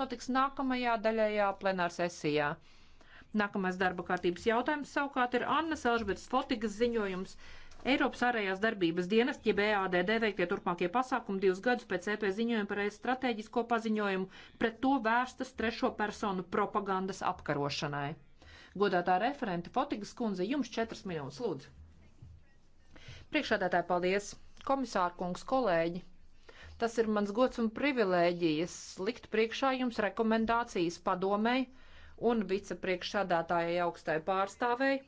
notiks nākamajā daļajā plenārsesijā. Nākamais darba kārtības jautājums savukārt ir Annas Elžbetas Fotigas ziņojums. Eiropas ārējās darbības dienas, jeb EADD veiktie turpmākie pasākumi divus gadus pēc EP ziņojuma par ES strateģisko paziņojumu pret to vērstas trešo personu propagandas apkarošanai. Godātā referente Fotigas kundze, jums četras minūtes lūdzu. Priekšādātāji, paldies! Komisārkungs, kolēģi! Tas ir mans gods un privilēģijas likt priekšā jums rekomendācijas padomēji un vicepriekšsādātājai augstai pārstāvēji,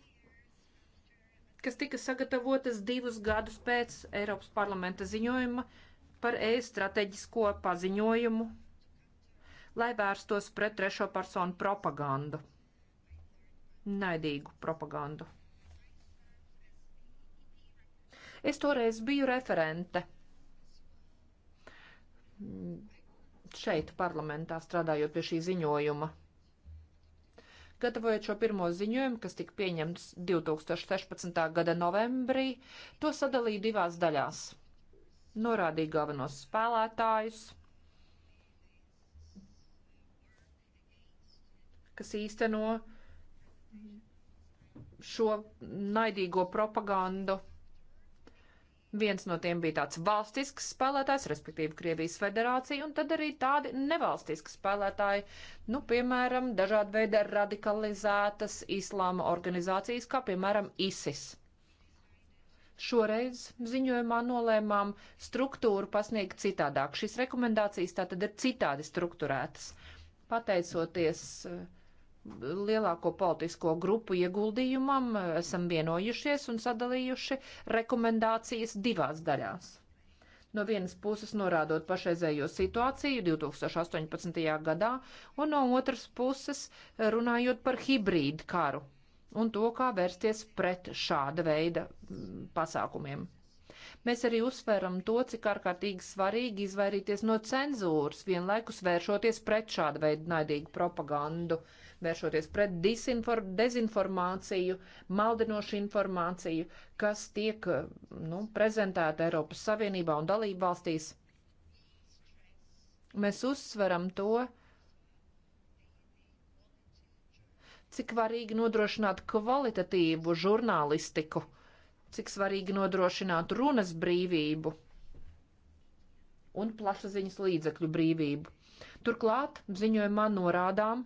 kas tika sagatavotas divus gadus pēc Eiropas parlamenta ziņojuma par ES strateģisko paziņojumu, lai vērstos pret trešo personu propagandu, naidīgu propagandu. Es toreiz biju referente šeit parlamentā strādājot pie šī ziņojuma. Gatavojot šo pirmo ziņojumu, kas tika pieņemts 2016. gada novembrī, to sadalīja divās daļās. Norādīja galvenos spēlētājus, kas īsteno šo naidīgo propagandu Viens no tiem bija tāds valstisks spēlētājs, respektīvi Krievijas federācija, un tad arī tādi nevalstiski spēlētāji, nu, piemēram, dažādi veidi radikalizētas islāma organizācijas, kā piemēram ISIS. Šoreiz ziņojumā nolēmām struktūru pasniegt citādāk. Šīs rekomendācijas tātad ir citādi strukturētas. Pateicoties uh, lielāko politisko grupu ieguldījumam esam vienojušies un sadalījuši rekomendācijas divās daļās. No vienas puses norādot pašreizējo situāciju 2018. gadā, un no otras puses runājot par hibrīdu karu un to, kā vērsties pret šāda veida mm, pasākumiem. Mēs arī uzsveram to, cik ārkārtīgi svarīgi izvairīties no cenzūras, vienlaikus vēršoties pret šādu veidu naidīgu propagandu. Uh, vēršoties pret dezinformāciju, maldinošu informāciju, kas tiek eh, nu, prezentēta Eiropas Savienībā un dalību valstīs. Mēs uzsveram to, cik svarīgi nodrošināt kvalitatīvu žurnālistiku, cik svarīgi nodrošināt runas brīvību un plašsaziņas līdzekļu brīvību. Turklāt ziņojumā norādām,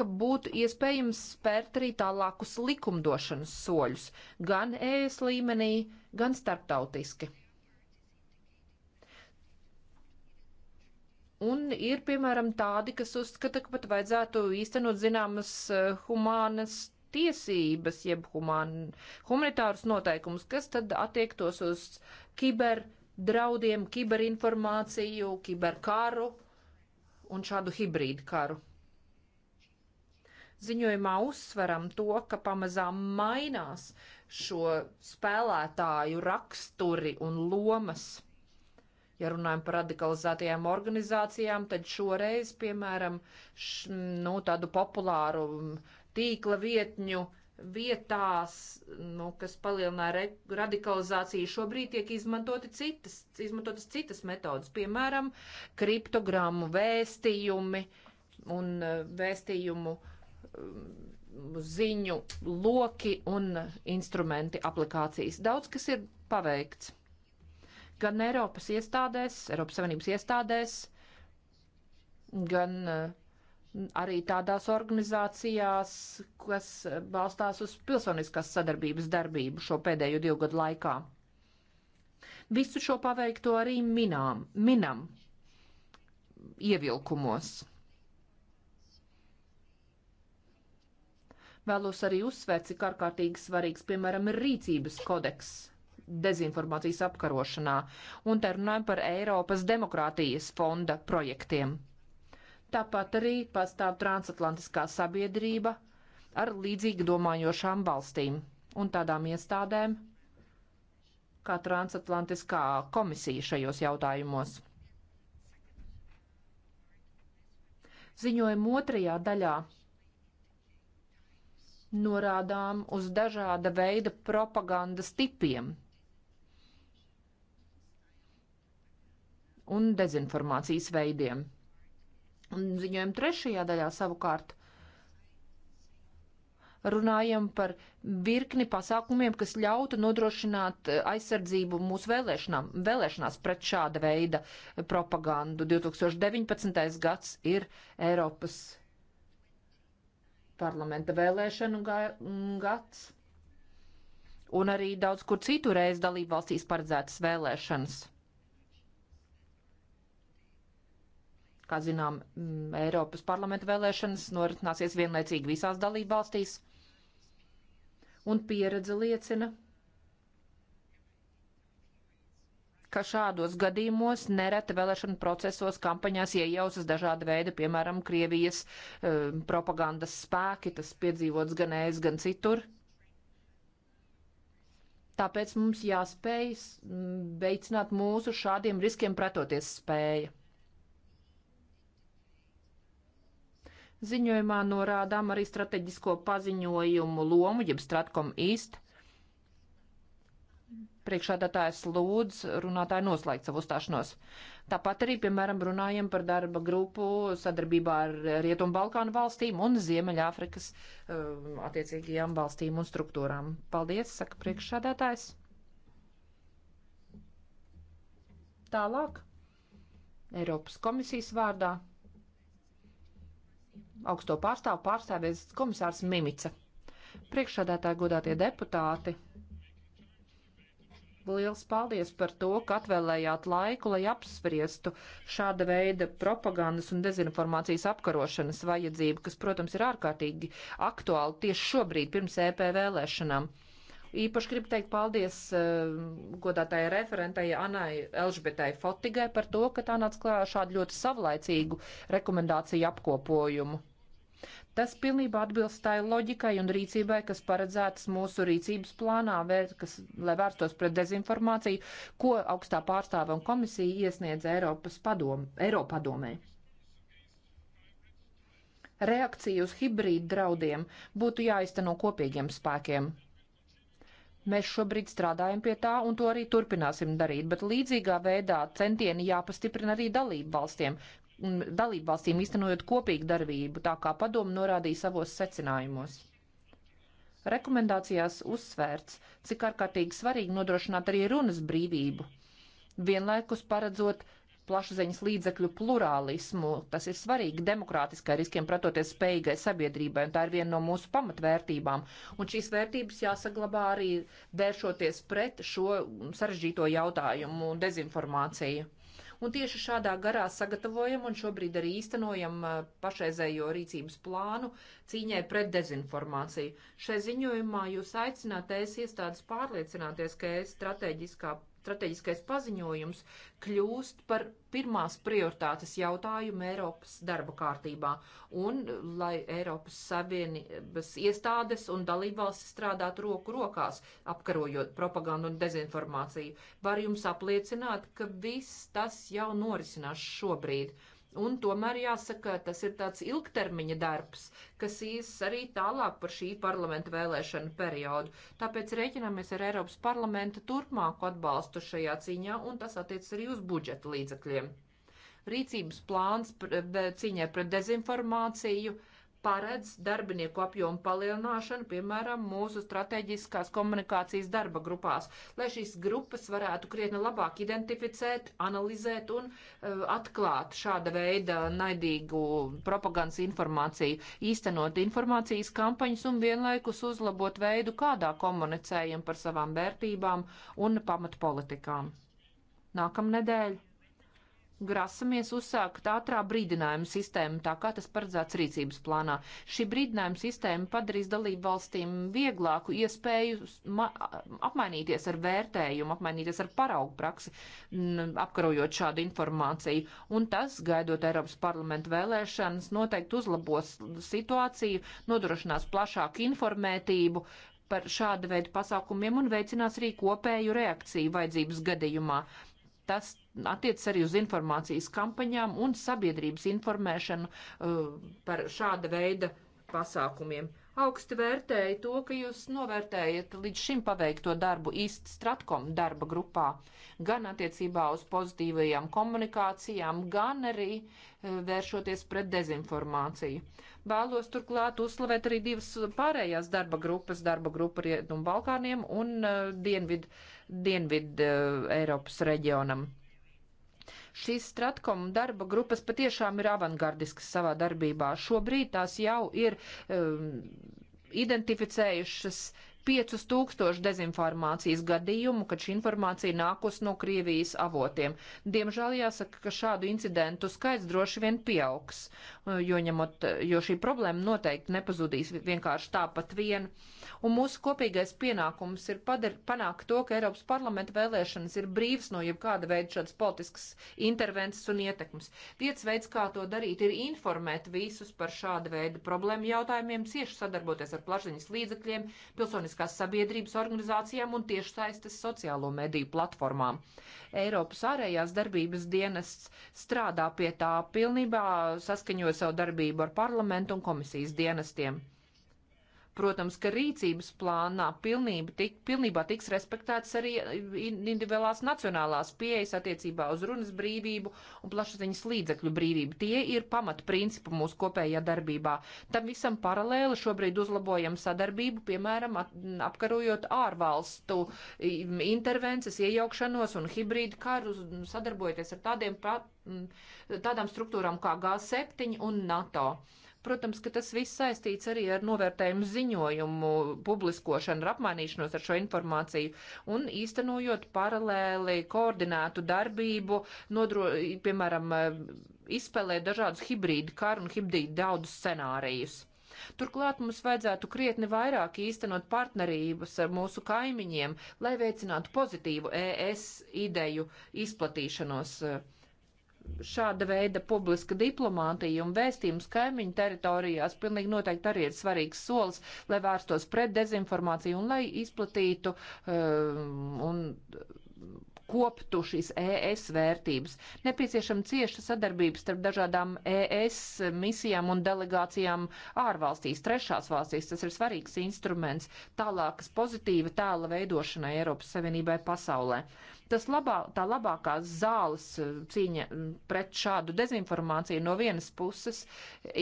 ka būtu iespējams spērt arī tālākus likumdošanas soļus gan ES līmenī, gan starptautiski. Un ir, piemēram, tādi, kas uzskata, ka pat vajadzētu īstenot zināmas eh, humānas tiesības, jeb humān, humanitārus noteikumus, kas tad attiektos uz kiberdraudiem, kiberinformāciju, kiberkaru un šādu hibrīdu karu. Ziņojumā uzsveram to, ka pamazām mainās šo spēlētāju raksturi un lomas. Ja runājam par radikalizētajām organizācijām, tad šoreiz, piemēram, š, nu, tādu populāru tīkla vietņu vietās, nu, kas palielināja radikalizāciju, šobrīd tiek izmantoti citas, izmantotas citas metodas, piemēram, kriptogrammu vēstījumi un eh, vēstījumu uh, Um, ziņu loki un instrumenti, aplikācijas. Daudz kas ir paveikts. Gan Eiropas iestādēs, Eiropas Savienības iestādēs, gan uh, arī tādās organizācijās, kas balstās uz pilsoniskās sadarbības darbību šo pēdējo divu gadu laikā. Visu šo paveikto arī minām, minam ievilkumos. Vēlos arī uzsvērt, cik ārkārtīgi svarīgs, piemēram, ir rīcības kodeks dezinformācijas apkarošanā, un te runājam par Eiropas demokrātijas fonda projektiem. Tāpat arī pastāv transatlantiskā sabiedrība ar līdzīgi domājošām valstīm un tādām iestādēm kā transatlantiskā komisija šajos jautājumos. Ziņojuma otrajā daļā norādām uz dažāda veida propagandas tipiem un dezinformācijas veidiem. Un ziņojuma trešajā daļā savukārt runājam par virkni pasākumiem, kas ļautu nodrošināt eh, aizsardzību mūsu vēlēšanām, vēlēšanās pret šāda veida propagandu. 2019. gads ir Eiropas parlamenta vēlēšanu mm, gads, un arī daudz kur citurreiz dalību valstīs paredzētas vēlēšanas. Kā zinām, mm, Eiropas parlamenta vēlēšanas noritināsies vienlaicīgi visās dalību valstīs, un pieredze liecina, ka ka šādos gadījumos nereti vēlēšanu procesos kampaņās iejausas dažāda veida, piemēram, Krievijas uh, propagandas spēki, tas piedzīvots gan ēs, gan citur. Tāpēc mums jāspēj mm, veicināt mūsu šādiem riskiem pretoties spēja. Ziņojumā norādām arī strateģisko paziņojumu lomu, jeb stratkom īsti Priekšādātājs lūdz runātāju noslēgt savu uzstāšanos. Tāpat arī, piemēram, runājam par darba grupu sadarbībā ar Rietumu Balkānu valstīm un Ziemeļāfrikas uh, attiecīgajām valstīm un struktūrām. Paldies, saka priekšādātājs. Tālāk. Eiropas komisijas vārdā augsto pārstāvu pārstāvies komisārs Mimica. Priekšādātāji godātie deputāti. Liels paldies par to, ka atvēlējāt laiku, lai apspriestu šāda veida propagandas un dezinformācijas apkarošanas vajadzību, kas, protams, ir ārkārtīgi aktuāli tieši šobrīd pirms EP vēlēšanām. Īpaši gribu teikt paldies uh, eh, godātājai referentai Anai Elžbetai Fotigai par to, ka tā nāca klājā šādu ļoti savlaicīgu rekomendāciju apkopojumu. Tas pilnībā atbilst tai loģikai un rīcībai, kas paredzētas mūsu rīcības plānā, vērt, kas, lai vērstos pret dezinformāciju, ko augstā pārstāve un komisija iesniedz Eiropas padom, Eiropadomē. Reakcija uz hibrīdu draudiem būtu jāizteno kopīgiem spēkiem. Mēs šobrīd strādājam pie tā, un to arī turpināsim darīt, bet līdzīgā veidā centieni jāpastiprina arī dalību valstiem, dalību valstīm īstenojot kopīgu darbību, tā kā padomu norādīja savos secinājumos. Rekomendācijās uzsvērts, cik ārkārtīgi svarīgi nodrošināt arī runas brīvību, vienlaikus paredzot plašsaziņas līdzekļu plurālismu. Tas ir svarīgi demokrātiskai riskiem pretoties spējīgai sabiedrībai, un tā ir viena no mūsu pamatvērtībām. Un šīs vērtības jāsaglabā arī vēršoties pret šo sarežģīto jautājumu dezinformāciju. Un tieši šādā garā sagatavojam un šobrīd arī īstenojam uh, pašreizējo rīcības plānu cīņai pret dezinformāciju. Šai ziņojumā jūs aicināt es iestādes pārliecināties, ka es strateģiskā strateģiskais paziņojums kļūst par pirmās prioritātes jautājumu Eiropas darba kārtībā. Un lai Eiropas Savienības iestādes un dalībvalstis strādātu roku rokās, apkarojot propagandu un dezinformāciju, var jums apliecināt, ka viss tas jau norisinās šobrīd. Un tomēr jāsaka, tas ir tāds ilgtermiņa darbs, kas īs arī tālāk par šī parlamenta vēlēšanu periodu. Tāpēc rēķināmies ar Eiropas parlamenta turpmāku atbalstu šajā cīņā, un tas attiec arī uz budžeta līdzakļiem. Rīcības plāns cīņai pret dezinformāciju. Uh, paredz darbinieku apjomu palielināšanu, piemēram, mūsu strateģiskās komunikācijas darba grupās, lai šīs grupas varētu krietni labāk identificēt, analizēt un uh, atklāt šāda veida naidīgu propagandas informāciju, īstenot informācijas kampaņas un vienlaikus uzlabot veidu, kādā komunicējam par savām vērtībām un pamatpolitikām. Nākamnedēļ grasamies uzsākt ātrā brīdinājuma sistēmu, tā kā tas paredzēts rīcības plānā. Šī brīdinājuma sistēma padarīs dalību valstīm vieglāku iespēju apmainīties ar vērtējumu, apmainīties ar paraugu praksi, apkarojot šādu informāciju. Un tas, gaidot Eiropas parlamentu vēlēšanas, noteikti uzlabos situāciju, nodrošinās plašāku informētību, par šāda veida pasākumiem un veicinās arī kopēju reakciju vajadzības gadījumā. Tas attiecas arī uz informācijas kampaņām un sabiedrības informēšanu uh, par šāda veida pasākumiem. Augsti vērtēju to, ka jūs novērtējat līdz šim paveikto darbu īsti Stratkom darba grupā, gan attiecībā uz pozitīvajām komunikācijām, gan arī uh, vēršoties pret dezinformāciju. Vēlos turklāt uzslavēt arī divas pārējās darba grupas, darba grupa Rietumu Balkāniem un uh, Dienvidu Dienvidu eh, Eiropas reģionam. Šīs Stratkom darba grupas patiešām ir avangardiskas savā darbībā. Šobrīd tās jau ir um, identificējušas 5000 dezinformācijas gadījumu, kad šī informācija nākus no Krievijas avotiem. Diemžēl jāsaka, ka šādu incidentu skaits droši vien pieaugs, jo, ņemot, jo šī problēma noteikti nepazudīs vienkārši tāpat vien. Un mūsu kopīgais pienākums ir padar, panākt to, ka Eiropas parlamenta vēlēšanas ir brīvs no jebkāda veida šādas politiskas intervences un ietekmes. Viens veids, kā to darīt, ir informēt visus par šāda veida problēmu jautājumiem, cieši sadarboties ar plašiņas līdzekļiem, pilsoniskajiem pilsoniskās sabiedrības organizācijām un tiešsaistes sociālo mediju platformām. Eiropas ārējās darbības dienests strādā pie tā pilnībā saskaņoja savu darbību ar parlamentu un komisijas dienestiem. Protams, ka rīcības plānā pilnība tik, pilnībā tiks respektēts arī individuālās nacionālās pieejas attiecībā uz runas brīvību un plašsaziņas līdzekļu brīvību. Tie ir pamatprincipi mūsu kopējā darbībā. Tam visam paralēli šobrīd uzlabojam sadarbību, piemēram, at, apkarojot ārvalstu intervences, iejaukšanos un hibrīdu karu, sadarbojoties ar tādiem, tādām struktūrām kā G7 un NATO. Protams, ka tas viss saistīts arī ar novērtējumu ziņojumu, publiskošanu, apmainīšanos ar šo informāciju un īstenojot paralēli koordinētu darbību, nodro, piemēram, izspēlēt dažādus hibrīdu karu un hibrīdu daudz scenārijus. Turklāt mums vajadzētu krietni vairāk īstenot partnerības ar mūsu kaimiņiem, lai veicinātu pozitīvu ES ideju izplatīšanos. Uh, šāda veida publiska diplomātija un vēstījums kaimiņu teritorijās pilnīgi noteikti arī ir svarīgs solis, lai vērstos pret dezinformāciju un lai izplatītu um, un koptu šīs ES vērtības. Nepieciešama cieša sadarbības starp dažādām ES misijām un delegācijām ārvalstīs, trešās valstīs. Tas ir svarīgs instruments tālākas pozitīva tēla veidošanai Eiropas Savienībai pasaulē. Tas labā, tā labākā zāles eh, cīņa mm, pret šādu dezinformāciju no vienas puses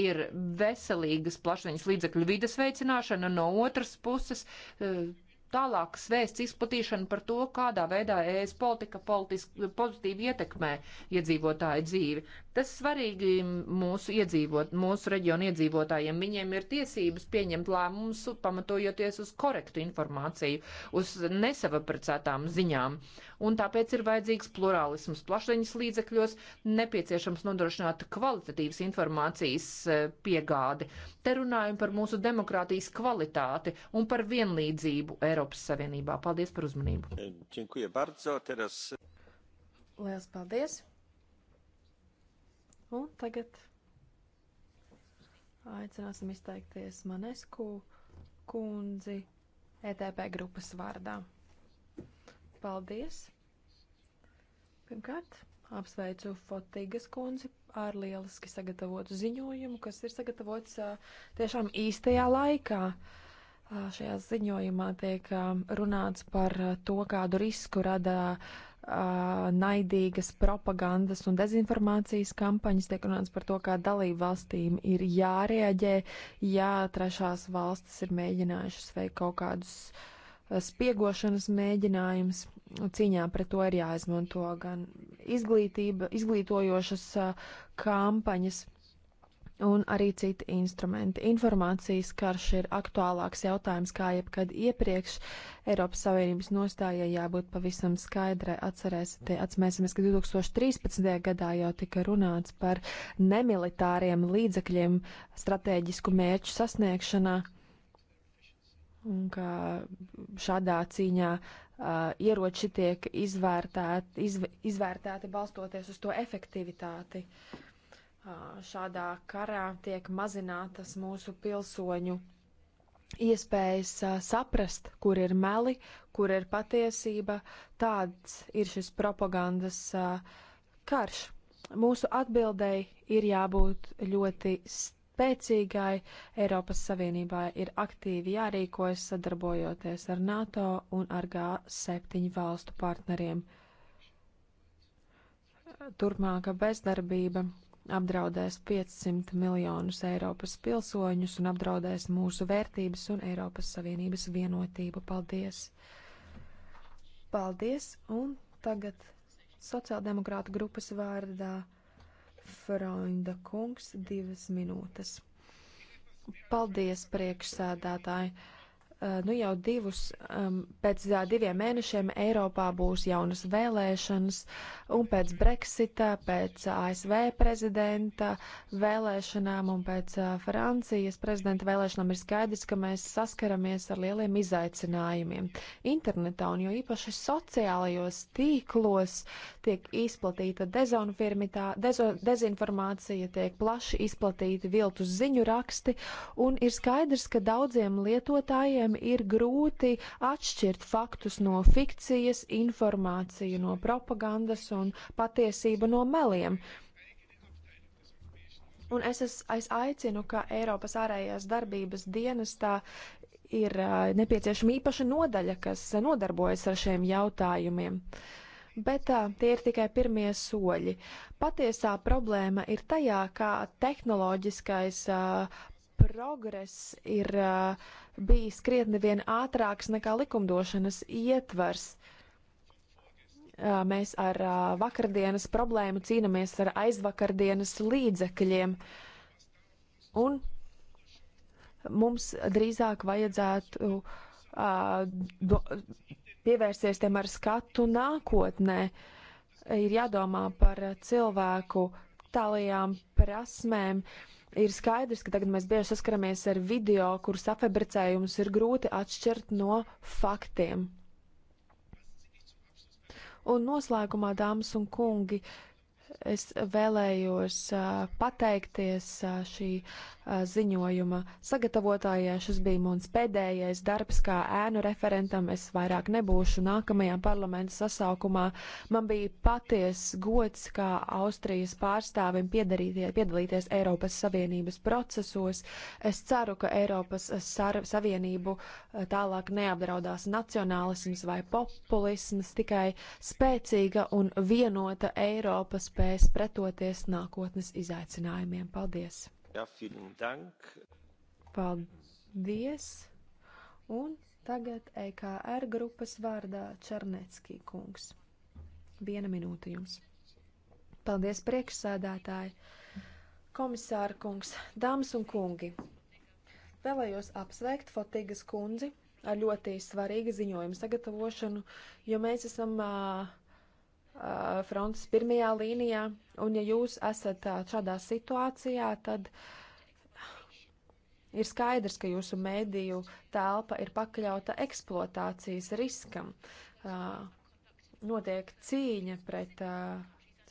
ir veselīgas plašsaziņas līdzekļu vides veicināšana, no otras puses eh, tālākas vēsts izplatīšana par to, kādā veidā ES politika politisk, pozitīvi ietekmē iedzīvotāju dzīvi. Tas svarīgi mūsu iedzīvot, mūsu reģionu iedzīvotājiem. Viņiem ir tiesības pieņemt lēmumus, pamatojoties uz korektu informāciju, uz nesavaprecētām ziņām. Un tāpēc ir vajadzīgs plurālisms plašsaziņas līdzekļos, nepieciešams nodrošināt kvalitatīvas informācijas eh, piegādi. Te runājam par mūsu demokrātijas kvalitāti un par vienlīdzību Eiropas Savienībā. Paldies par uzmanību! Liels paldies! Un tagad aicināsim izteikties Manesku kundzi ETP grupas vārdā. Paldies! Pirmkārt, apsveicu Fotīgas kundzi ar lieliski sagatavotu ziņojumu, kas ir sagatavots tiešām īstajā laikā. Šajā ziņojumā tiek runāts par to, kādu risku rada uh, naidīgas propagandas un dezinformācijas kampaņas. Tiek runāts par to, kā dalību valstīm ir jārēģē, ja trešās valstis ir mēģinājušas veikt kaut kādus spiegošanas mēģinājums. Cīņā pret to ir jāizmanto gan izglītība, izglītojošas uh, kampaņas, un arī citi instrumenti. Informācijas karš ir aktuālāks jautājums kā jebkad iepriekš. Eiropas Savienības nostājai jābūt pavisam skaidrai. Atcerēsimies, ka 2013. gadā jau tika runāts par nemilitāriem līdzekļiem strateģisku mērķu sasniegšanā. Un ka šādā cīņā uh, ieroči tiek izvērtēti, izv, izvērtēti balstoties uz to efektivitāti. Uh, šādā karā tiek mazinātas mūsu pilsoņu iespējas saprast, kur ir meli, kur ir patiesība. Tāds ir šis propagandas karš. Mūsu atbildēji ir jābūt ļoti spēcīgai. Eiropas Savienībā ir aktīvi jārīkojas sadarbojoties ar NATO un ar G7 valstu partneriem. Turpmāka bezdarbība apdraudēs 500 miljonus Eiropas pilsoņus un apdraudēs mūsu vērtības un Eiropas Savienības vienotību. Paldies! Paldies! Un tagad sociāldemokrāta grupas vārdā Freunda kungs divas minūtes. Paldies, priekšsēdētāji! Eh, nu jau divus, um, pēc uh, diviem mēnešiem Eiropā būs jaunas vēlēšanas, un pēc Brexita, pēc ASV prezidenta vēlēšanām un pēc uh, Francijas prezidenta vēlēšanām ir skaidrs, ka mēs saskaramies ar lieliem izaicinājumiem. Internetā un jo īpaši sociālajos tīklos tiek izplatīta dezo, dezinformācija, tiek plaši izplatīti viltus ziņu raksti, un ir skaidrs, ka daudziem lietotājiem Cilvēkiem ir grūti atšķirt faktus no fikcijas, informāciju no propagandas un patiesību no meliem. Un es, es, es aicinu, ka Eiropas ārējās darbības dienestā ir nepieciešama īpaša nodaļa, kas nodarbojas ar šiem jautājumiem. Bet tā, tie ir tikai pirmie soļi. Patiesā problēma ir tajā, kā tehnoloģiskais uh, progress ir uh, bijis krietni vien ātrāks nekā likumdošanas ietvars. Uh, mēs ar uh, vakardienas problēmu cīnāmies ar aizvakardienas līdzekļiem. Un mums drīzāk vajadzētu uh, do, pievērsties tiem ar skatu nākotnē. Ir jādomā par cilvēku tālajām prasmēm. Uh, Ir skaidrs, ka tagad mēs bieži saskaramies ar video, kur safebricējumus ir grūti atšķirt no faktiem. Un noslēgumā, dāmas un kungi, uh, es vēlējos pateikties šī ziņojuma sagatavotājai. Šis bija mans pēdējais darbs kā ēnu referentam. Es vairāk nebūšu nākamajā parlamenta sasaukumā. Man bija paties gods kā Austrijas pārstāvim piedalīties Eiropas Savienības procesos. Es ceru, ka Eiropas Savienību tālāk neapdraudās nacionālisms vai populisms, tikai spēcīga un vienota Eiropa spēja spēs pretoties nākotnes izaicinājumiem. Paldies! Ja, Paldies! Un tagad EKR grupas vārdā Černecki kungs. Viena minūte jums. Paldies priekšsēdētāji, komisāra kungs, dāmas un kungi. Vēlējos apsveikt Fotīgas kundzi ar ļoti svarīgu ziņojumu sagatavošanu, jo mēs esam uh, Uh, frontes pirmajā līnijā, un ja jūs esat uh, šādā situācijā, tad ir skaidrs, ka jūsu mēdīju telpa ir pakļauta eksploatācijas riskam. Uh, notiek cīņa pret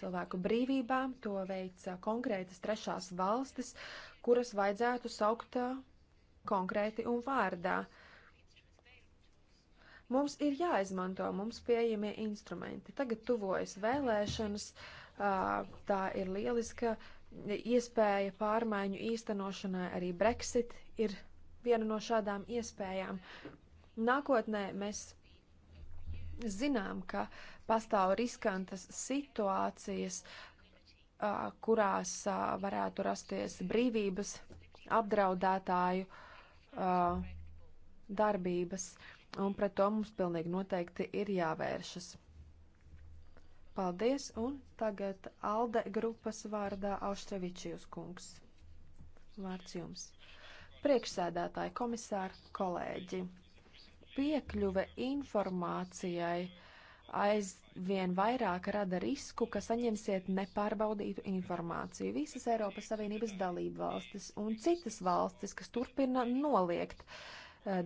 cilvēku brīvībām, to veica konkrētas trešās valstis, kuras vajadzētu saukt konkrēti un vārdā. Uh, Mums ir jāizmanto mums pieejamie instrumenti. Tagad tuvojas vēlēšanas, tā ir lieliska iespēja pārmaiņu īstenošanai, arī Brexit ir viena no šādām iespējām. Nākotnē mēs zinām, ka pastāv riskantas situācijas, kurās varētu rasties brīvības apdraudētāju darbības un pret to mums pilnīgi noteikti ir jāvēršas. Paldies, un tagad Alde grupas vārdā Auštrevičijus kungs. Vārds jums. Priekšsēdētāji, komisāri, kolēģi. Piekļuve informācijai aizvien vairāk rada risku, ka saņemsiet nepārbaudītu informāciju. Visas Eiropas Savienības dalība valstis un citas valstis, kas turpina noliegt uh, Eh,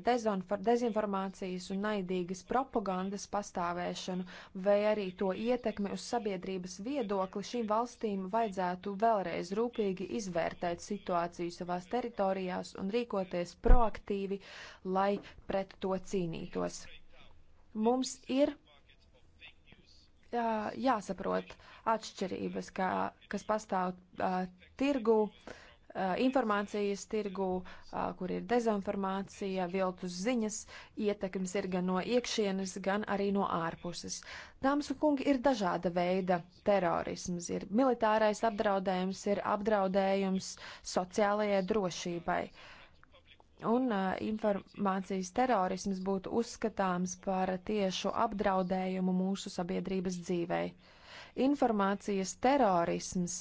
dezinformācijas un naidīgas propagandas pastāvēšanu, vai arī to ietekmi uz sabiedrības viedokli, šīm valstīm vajadzētu vēlreiz rūpīgi izvērtēt situāciju savās teritorijās un rīkoties proaktīvi, lai pret to cīnītos. Mums ir jā, jāsaprot atšķirības, kā, kas pastāv uh, eh, tirgū. Uh, informācijas tirgu, kur ir dezinformācija, viltus ziņas, ietekmes ir gan no iekšienes, gan arī no ārpuses. Dāmas un kungi, ir dažāda veida terorisms, ir militārais apdraudējums, ir apdraudējums sociālajai drošībai. Un uh, informācijas terorisms būtu uzskatāms par tiešu apdraudējumu mūsu sabiedrības dzīvei. Informācijas terorisms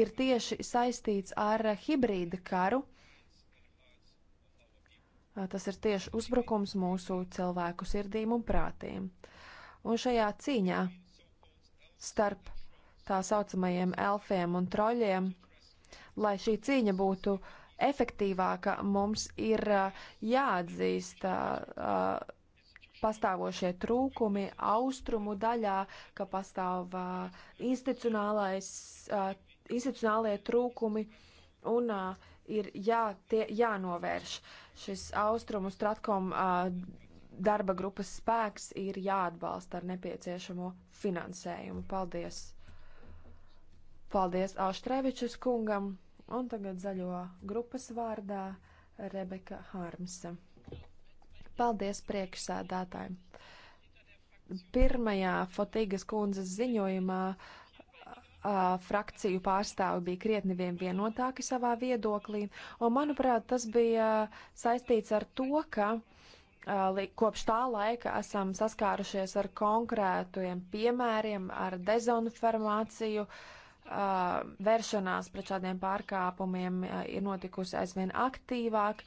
ir tieši saistīts ar hibrīda karu. Tas ir tieši uzbrukums mūsu cilvēku sirdīm un prātīm. Un šajā cīņā starp tā saucamajiem elfiem un troļiem, lai šī cīņa būtu efektīvāka, mums ir uh, jāatzīst uh, uh, pastāvošie trūkumi austrumu daļā, ka pastāv institucionālais institucionālie trūkumi un uh, ir jā, tie, jānovērš. Šis austrumu stratkom uh, darba grupas spēks ir jāatbalsta ar nepieciešamo finansējumu. Paldies! Paldies Aštrevičus kungam un tagad zaļo grupas vārdā Rebeka Harmsa. Paldies priekšsēdētājiem! Pirmajā Fotīgas kundzes ziņojumā uh, uh, frakciju pārstāvi bija krietni vien vienotāki savā viedoklī, un manuprāt, tas bija saistīts ar to, ka uh, kopš tā laika esam saskārušies ar konkrētiem piemēriem, ar dezonformāciju, uh, vēršanās pret šādiem pārkāpumiem uh, ir notikusi aizvien aktīvāk.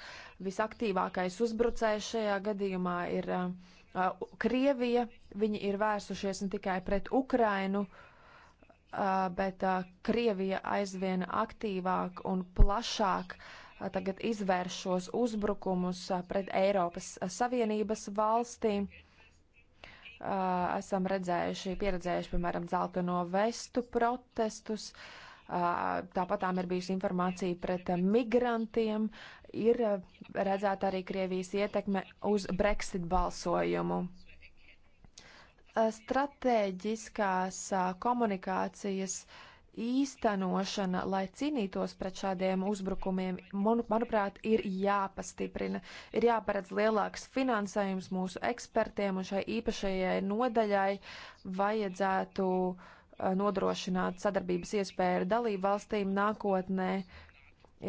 Visaktīvākais uzbrucējs šajā gadījumā ir uh, Krievija. Viņi ir vērsušies ne tikai pret Ukrainu, uh, Uh, bet uh, Krievija aizvien aktīvāk un plašāk uh, tagad izvērš šos uzbrukumus pret Eiropas Savienības valstīm. Esam redzējuši, pieredzējuši, piemēram, dzelteno vestu protestus. Tāpat tām ir bijusi informācija pret migrantiem. Ir redzēta arī Krievijas ietekme uz Brexit balsojumu stratēģiskās komunikācijas īstenošana, lai cīnītos pret šādiem uzbrukumiem, man, manuprāt, ir jāpastiprina. Ir jāparedz lielāks finansējums mūsu ekspertiem un šai īpašajai nodaļai vajadzētu nodrošināt sadarbības iespēju ar dalību valstīm nākotnē.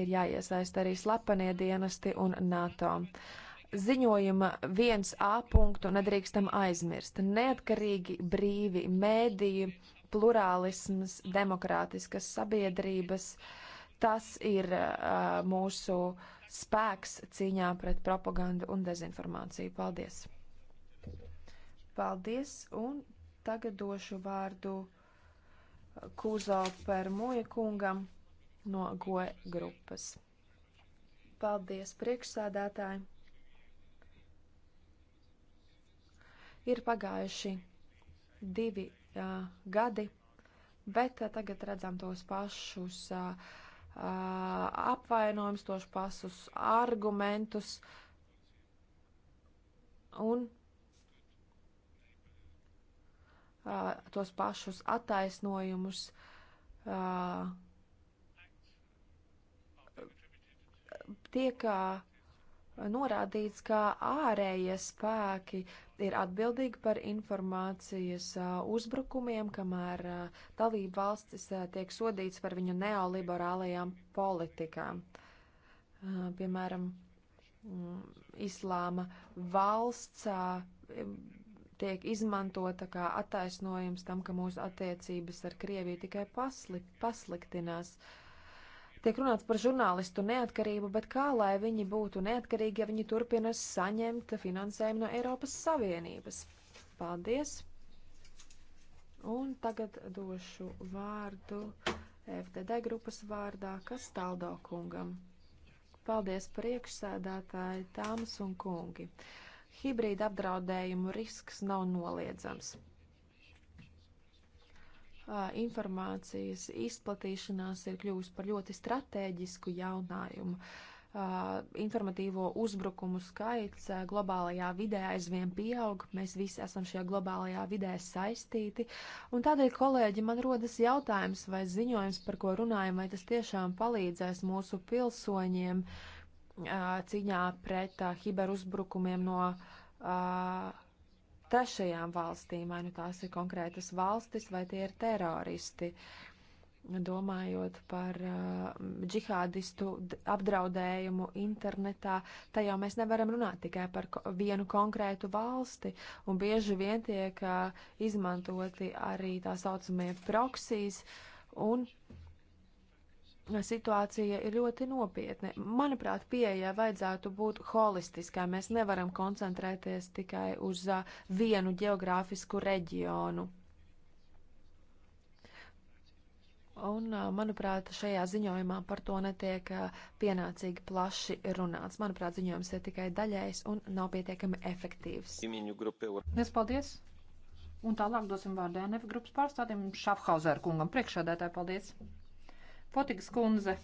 Ir jāiesaist arī slepenie dienesti un NATO. Uh, ziņojuma 1A punktu nedrīkstam aizmirst. Neatkarīgi, brīvi mēdīji, plurālisms, demokrātiskas sabiedrības, tas ir uh, mūsu spēks cīņā pret propagandu un dezinformāciju. Paldies! Paldies! Un tagad došu vārdu Kūzo Permuja kungam no GOE grupas. Paldies priekšsādātājiem! Ir pagājuši divi uh, gadi, bet uh, tagad redzam tos pašus uh, uh, apvainojumus, tos pašus argumentus. Un uh, tos pašus attaisnojumus. Uh, tiek uh, norādīts, ka ārējie spēki ir atbildīgi par informācijas uzbrukumiem, kamēr dalība valstis tiek sodīts par viņu neoliberālajām politikām. Piemēram, mm, islāma valsts tiek izmantota kā attaisnojums tam, ka mūsu attiecības ar Krieviju tikai pasli, pasliktinās. Uh, Tiek runāts par žurnālistu neatkarību, bet kā lai viņi būtu neatkarīgi, ja viņi turpina saņemt finansējumu no Eiropas Savienības? Paldies! Un tagad došu vārdu FDD grupas vārdā Kastaldo kungam. Paldies priekšsēdētāji, tāmas un kungi. Hibrīda apdraudējumu risks nav noliedzams informācijas izplatīšanās ir kļuvusi par ļoti strateģisku jautājumu. Informatīvo uzbrukumu skaits globālajā vidē aizvien pieaug, mēs visi esam šajā globālajā vidē saistīti, un tādēļ, kolēģi, man rodas jautājums vai ziņojums, par ko runājam, vai tas tiešām palīdzēs mūsu pilsoņiem cīņā pret hiberuzbrukumiem no uh, trešajām valstīm, vai nu tās ir konkrētas valstis, vai tie ir teroristi. Domājot par uh, džihādistu apdraudējumu internetā, tā jau mēs nevaram runāt tikai par ko vienu konkrētu valsti, un bieži vien tiek uh, izmantoti arī tā saucamie proksijas, un uh, situācija ir ļoti nopietna. Manuprāt, pieejai vajadzētu būt holistiskai. Mēs nevaram koncentrēties tikai uz vienu geogrāfisku reģionu. Un, manuprāt, šajā ziņojumā par to netiek pienācīgi plaši runāts. Manuprāt, ziņojums ir tikai daļais un nav pietiekami efektīvs. Lies paldies! Un tālāk dosim vārdu NF grupas pārstāvjiem Šafhauser kungam. Priekšādētāji, paldies! Fotigas kundze.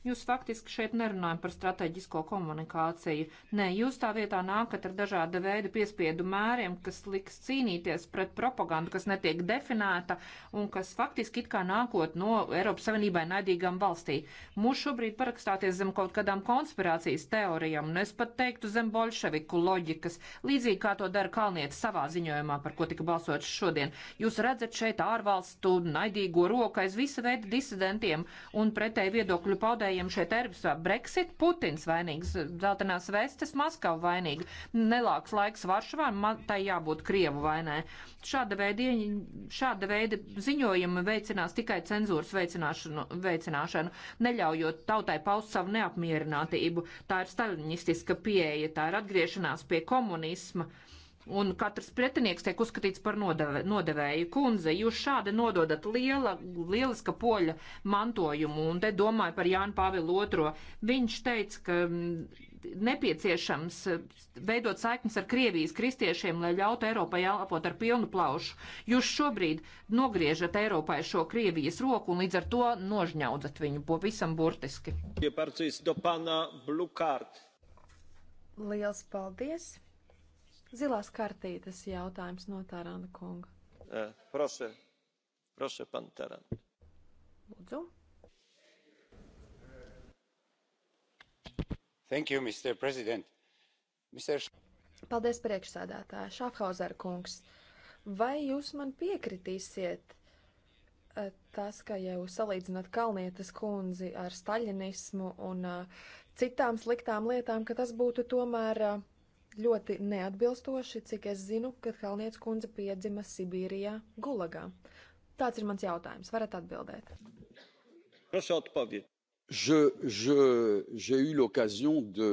Jūs faktiski šeit nerunājam par strateģisko komunikāciju. Nē, jūs tā vietā nākat ar dažāda veida piespiedu mēriem, kas liks cīnīties pret propagandu, kas netiek definēta un kas faktiski it kā nākot no Eiropas Savienībai naidīgām valstī. Mūs šobrīd parakstāties zem kaut kādām konspirācijas teorijām, un es pat teiktu zem bolševiku loģikas, līdzīgi kā to dara Kalnieta savā ziņojumā, par ko tika balsots šodien. Jūs redzat šeit ārvalstu naidīgo roku aiz visa veida disidentiem un pretēji viedokļu paudē vērtējam šeit Eiropas Brexit, Putins vainīgs, dzeltenās vestes, Maskava vainīga, nelāks laiks Varšavā, man tai jābūt Krievu vainē. Šāda veida, šāda veida ziņojumi veicinās tikai cenzūras veicināšanu, veicināšanu, neļaujot tautai paust savu neapmierinātību. Tā ir staļinistiska pieeja, tā ir atgriešanās pie komunisma un katrs pretinieks tiek uzskatīts par nodeve, nodevēju. Kundze, jūs šādi nododat liela, lieliska poļa mantojumu, un te domāju par Jānu Pāvilu II. Viņš teica, ka mm, nepieciešams veidot saiknes ar Krievijas kristiešiem, lai ļautu Eiropai elpot ar pilnu plaušu. Jūs šobrīd nogriežat Eiropai šo Krievijas roku un līdz ar to nožņaudzat viņu pavisam burtiski. Liels paldies! Zilās kartītes jautājums no Tāranda kunga. Uh, eh, proše, proše pan Tāranda. Lūdzu. Thank you, Mr. President. Mr. Paldies, priekšsādātāja. Šafhauser kungs, vai jūs man piekritīsiet eh, tas, ka ja jūs salīdzināt Kalnietes kundzi ar staļinismu un eh, citām sliktām lietām, ka tas būtu tomēr ļoti neatbilstoši, cik es zinu, ka Helniec kundze piedzima Sibīrijā, Gulagā. Tāds ir mans jautājums. Varat atbildēt? Je, je, je de...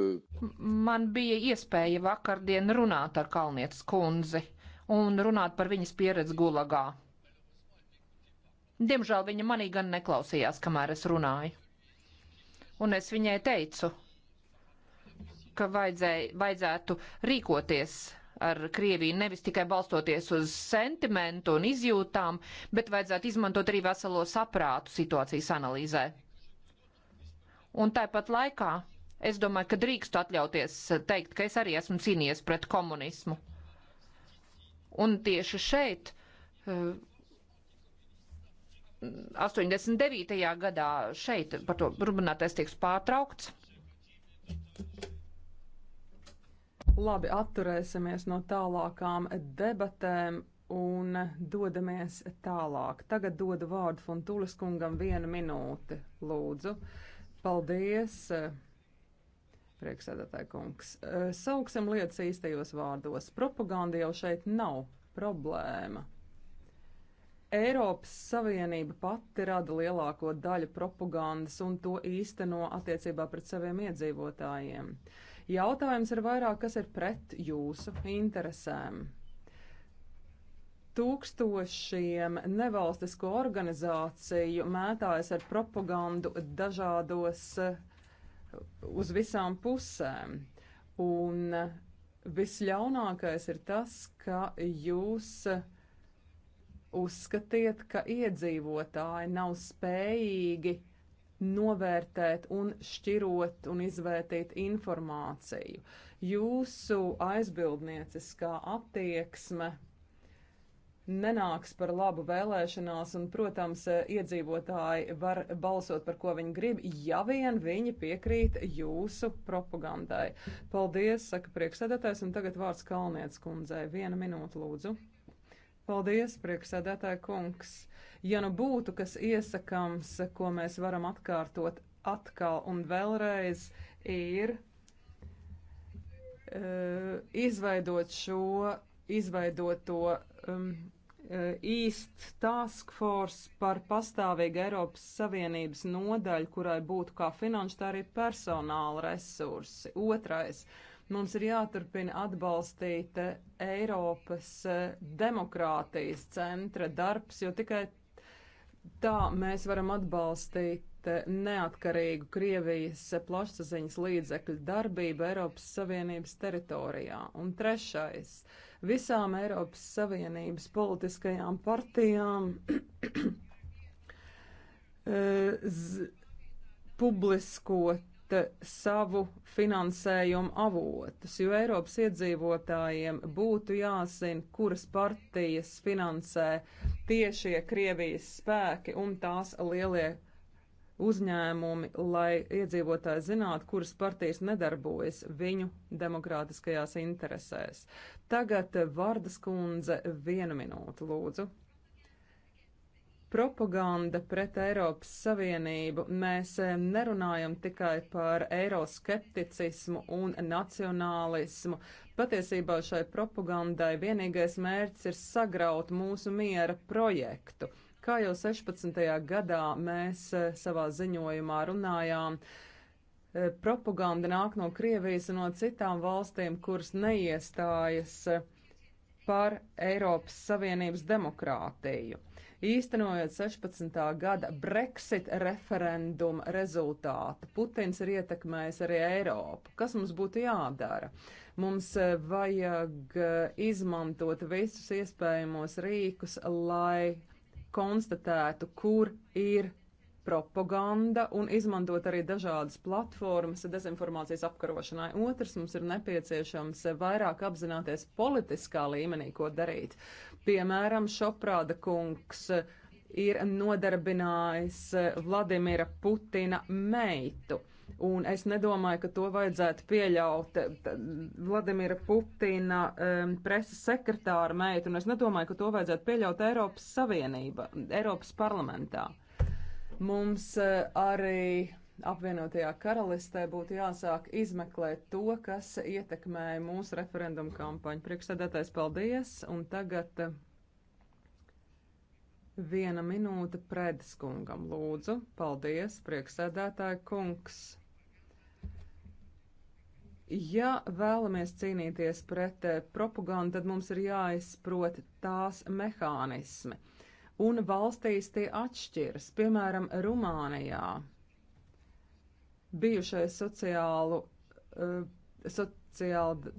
Man bija iespēja vakardien runāt ar Kalnietes kundzi un runāt par viņas pieredzi Gulagā. Diemžēl viņa manī gan neklausījās, kamēr es runāju. Un es viņai teicu, ka vajadzēja, vajadzētu rīkoties ar Krieviju, nevis tikai balstoties uz sentimentu un izjūtām, bet vajadzētu izmantot arī veselo saprātu situācijas analīzē. Un tāpat laikā es domāju, ka drīkstu atļauties teikt, ka es arī esmu cīnījies pret komunismu. Un tieši šeit 89. Eh, gadā šeit par to runātais tiek pārtraukts. Labi, atturēsimies no tālākām debatēm un dodamies tālāk. Tagad dodu vārdu Funtulis kungam vienu minūti, lūdzu. Paldies, priekšsēdētāji kungs. Sauksim lietas īstajos vārdos. Propaganda jau šeit nav problēma. Eiropas Savienība pati rada lielāko daļu propagandas un to īsteno attiecībā pret saviem iedzīvotājiem. Uh, Jautājums ir vairāk, kas ir pret jūsu interesēm. Tūkstošiem nevalstisko organizāciju mētājas ar propagandu dažādos uh, uz visām pusēm. Un uh, visļaunākais ir tas, ka jūs uh, uzskatiet, ka iedzīvotāji nav spējīgi uh, novērtēt un šķirot un izvērtīt informāciju. Jūsu aizbildnieciskā attieksme nenāks par labu vēlēšanās, un, protams, iedzīvotāji var balsot par ko viņi grib, ja vien viņi piekrīt jūsu propagandai. Paldies, saka priekšsēdētājs, un tagad vārds Kalnietes kundzei. Viena minūte, lūdzu. Paldies, priekšsēdētāja kungs. Ja nu būtu kas iesakams, ko mēs varam atkārtot atkal un vēlreiz, ir uh, izveidot šo, izveidot to um, īsts eh, task force par pastāvīgu Eiropas Savienības nodaļu, kurai būtu kā finanšu, tā arī personāla resursi. Otrais. Mums ir jāturpina atbalstīt eh, Eiropas demokrātijas centra darbs, jo tikai Tā mēs varam atbalstīt eh, neatkarīgu Krievijas plašsaziņas līdzekļu darbību Eiropas Savienības teritorijā. Un trešais - visām Eiropas Savienības politiskajām partijām eh, publiskot savu finansējumu avotus, jo Eiropas iedzīvotājiem būtu jāzina, kuras partijas finansē tiešie Krievijas spēki un tās lielie uzņēmumi, lai iedzīvotāji zinātu, kuras partijas nedarbojas viņu demokrātiskajās interesēs. Tagad Vardas kundze vienu minūtu lūdzu. Propaganda pret Eiropas Savienību. Mēs eh, nerunājam tikai par eiroskepticismu un nacionālismu. Patiesībā šai propagandai vienīgais mērķis ir sagraut mūsu miera projektu. Kā jau 16. gadā mēs e, savā ziņojumā runājām, e, propaganda nāk no Krievijas un no citām valstīm, kuras neiestājas par Eiropas Savienības demokrātiju. Īstenojot 16. gada Brexit referenduma rezultātu, Putins ir ietekmējis arī Eiropu. Kas mums būtu jādara? Mums eh, vajag eh, izmantot visus iespējamos rīkus, lai konstatētu, kur ir propaganda un izmantot arī dažādas platformas dezinformācijas apkarošanai. Otrs, mums ir nepieciešams vairāk apzināties politiskā līmenī, ko darīt. Piemēram, Šoprāda kungs ir nodarbinājis Vladimira Putina meitu. Un es nedomāju, ka to vajadzētu pieļaut eh, Vladimira Putina um, preses sekretāra meitu, un es nedomāju, ka to vajadzētu pieļaut Eiropas Savienība, Eiropas parlamentā. Uh, Mums eh, arī apvienotajā karalistē būtu jāsāk izmeklēt to, kas ietekmēja mūsu referendumu kampaņu. Priekšsēdētājs paldies, un tagad eh, viena minūte predskungam lūdzu. Paldies, priekšsēdētāja kungs. Ja vēlamies cīnīties pret eh, propagandu, tad mums ir jāizprot tās mehānismi un valstīs tie atšķiras. Piemēram, Rumānijā bijušais sociālu, eh, sociāli,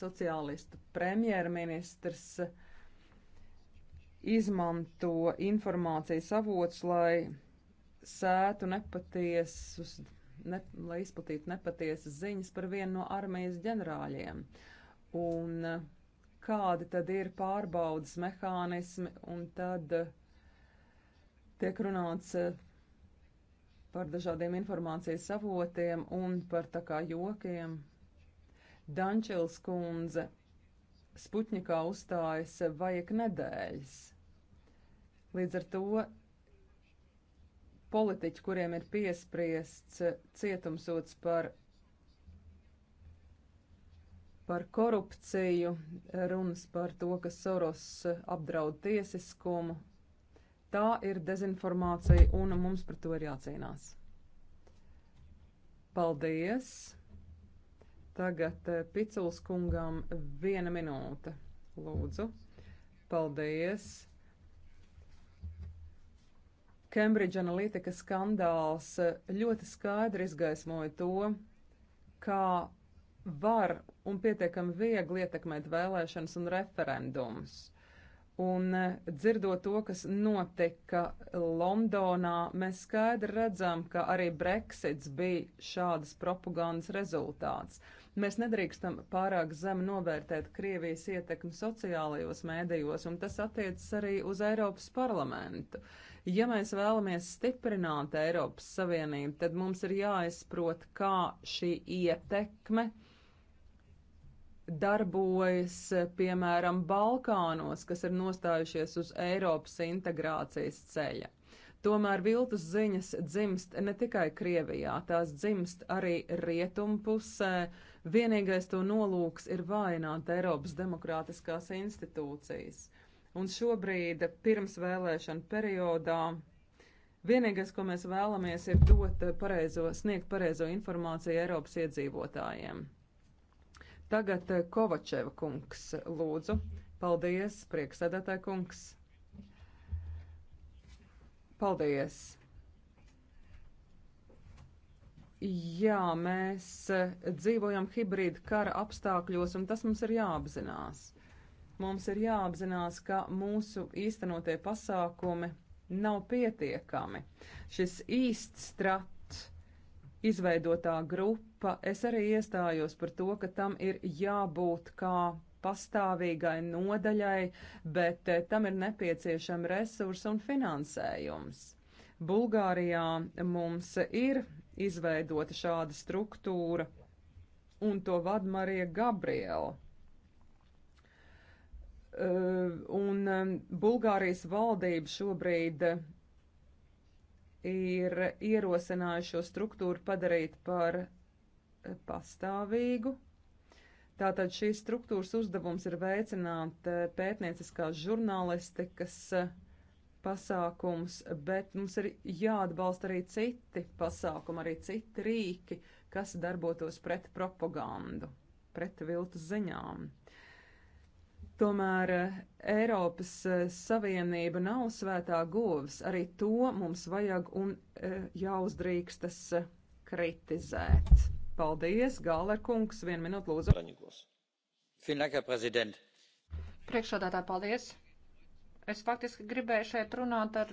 sociālistu premjerministrs izmanto informācijas avots, lai sētu nepatiesus, ne, lai izplatītu nepatiesas ziņas par vienu no armijas ģenerāļiem. Un eh, kādi tad ir pārbaudas mehānismi un tad uh, Tiek runāts eh, par dažādiem informācijas savotiem un par tā kā jokiem. Dančils kundze Sputņikā uzstājas vajag nedēļas. Līdz ar to politiķi, kuriem ir piespriests eh, cietumsots par, par korupciju, runas par to, ka Soros eh, apdraud tiesiskumu, Tā ir dezinformācija, un mums par to ir jācīnās. Paldies! Tagad eh, Piculs kungam viena minūte, lūdzu. Paldies! Cambridge Analytica skandāls eh, ļoti skaidri izgaismoja to, kā var un pietiekami viegli ietekmēt vēlēšanas un referendumus. Un e, dzirdot to, kas notika Londonā, mēs skaidri redzam, ka arī Brexits bija šādas propagandas rezultāts. Mēs nedrīkstam pārāk zem novērtēt Krievijas ietekmi sociālajos mēdījos, un tas attiecas arī uz Eiropas parlamentu. Ja mēs vēlamies stiprināt Eiropas Savienību, tad mums ir jāizprot, kā šī ietekme darbojas, piemēram, Balkānos, kas ir nostājušies uz Eiropas integrācijas ceļa. Tomēr viltus ziņas dzimst ne tikai Krievijā, tās dzimst arī rietumpusē. Vienīgais to nolūks ir vājināt Eiropas demokrātiskās institūcijas. Un šobrīd, pirms vēlēšana periodā, vienīgais, ko mēs vēlamies, ir dot pareizo, sniegt pareizo informāciju Eiropas iedzīvotājiem. Tagad eh, Kovačeva kungs lūdzu. Paldies, prieksēdētāja kungs. Paldies. Jā, mēs eh, dzīvojam hibrīda kara apstākļos, un tas mums ir jāapzinās. Mums ir jāapzinās, ka mūsu īstenotie pasākumi nav pietiekami. Šis īsts strats izveidotā grupa, es arī iestājos par to, ka tam ir jābūt kā pastāvīgai nodaļai, bet eh, tam ir nepieciešama resursa un finansējums. Bulgārijā mums ir izveidota šāda struktūra, un to vada Marija Gabriela. Eh, un eh, Bulgārijas valdība šobrīd ir ierosinājuši šo struktūru padarīt par eh, pastāvīgu. Tātad šīs struktūras uzdevums ir veicināt eh, pētnieciskās žurnālistikas eh, pasākums, bet mums ir jāatbalsta arī citi pasākumi, arī citi rīki, kas darbotos pret propagandu, pret viltus ziņām. Tomēr eh, Eiropas eh, Savienība nav svētā govs, arī to mums vajag un eh, jāuzdrīkstas kritizēt. Paldies, Gālerkungs, vienu minūtu lūdzu. Priekšādātā, paldies. Es faktiski gribēju šeit runāt ar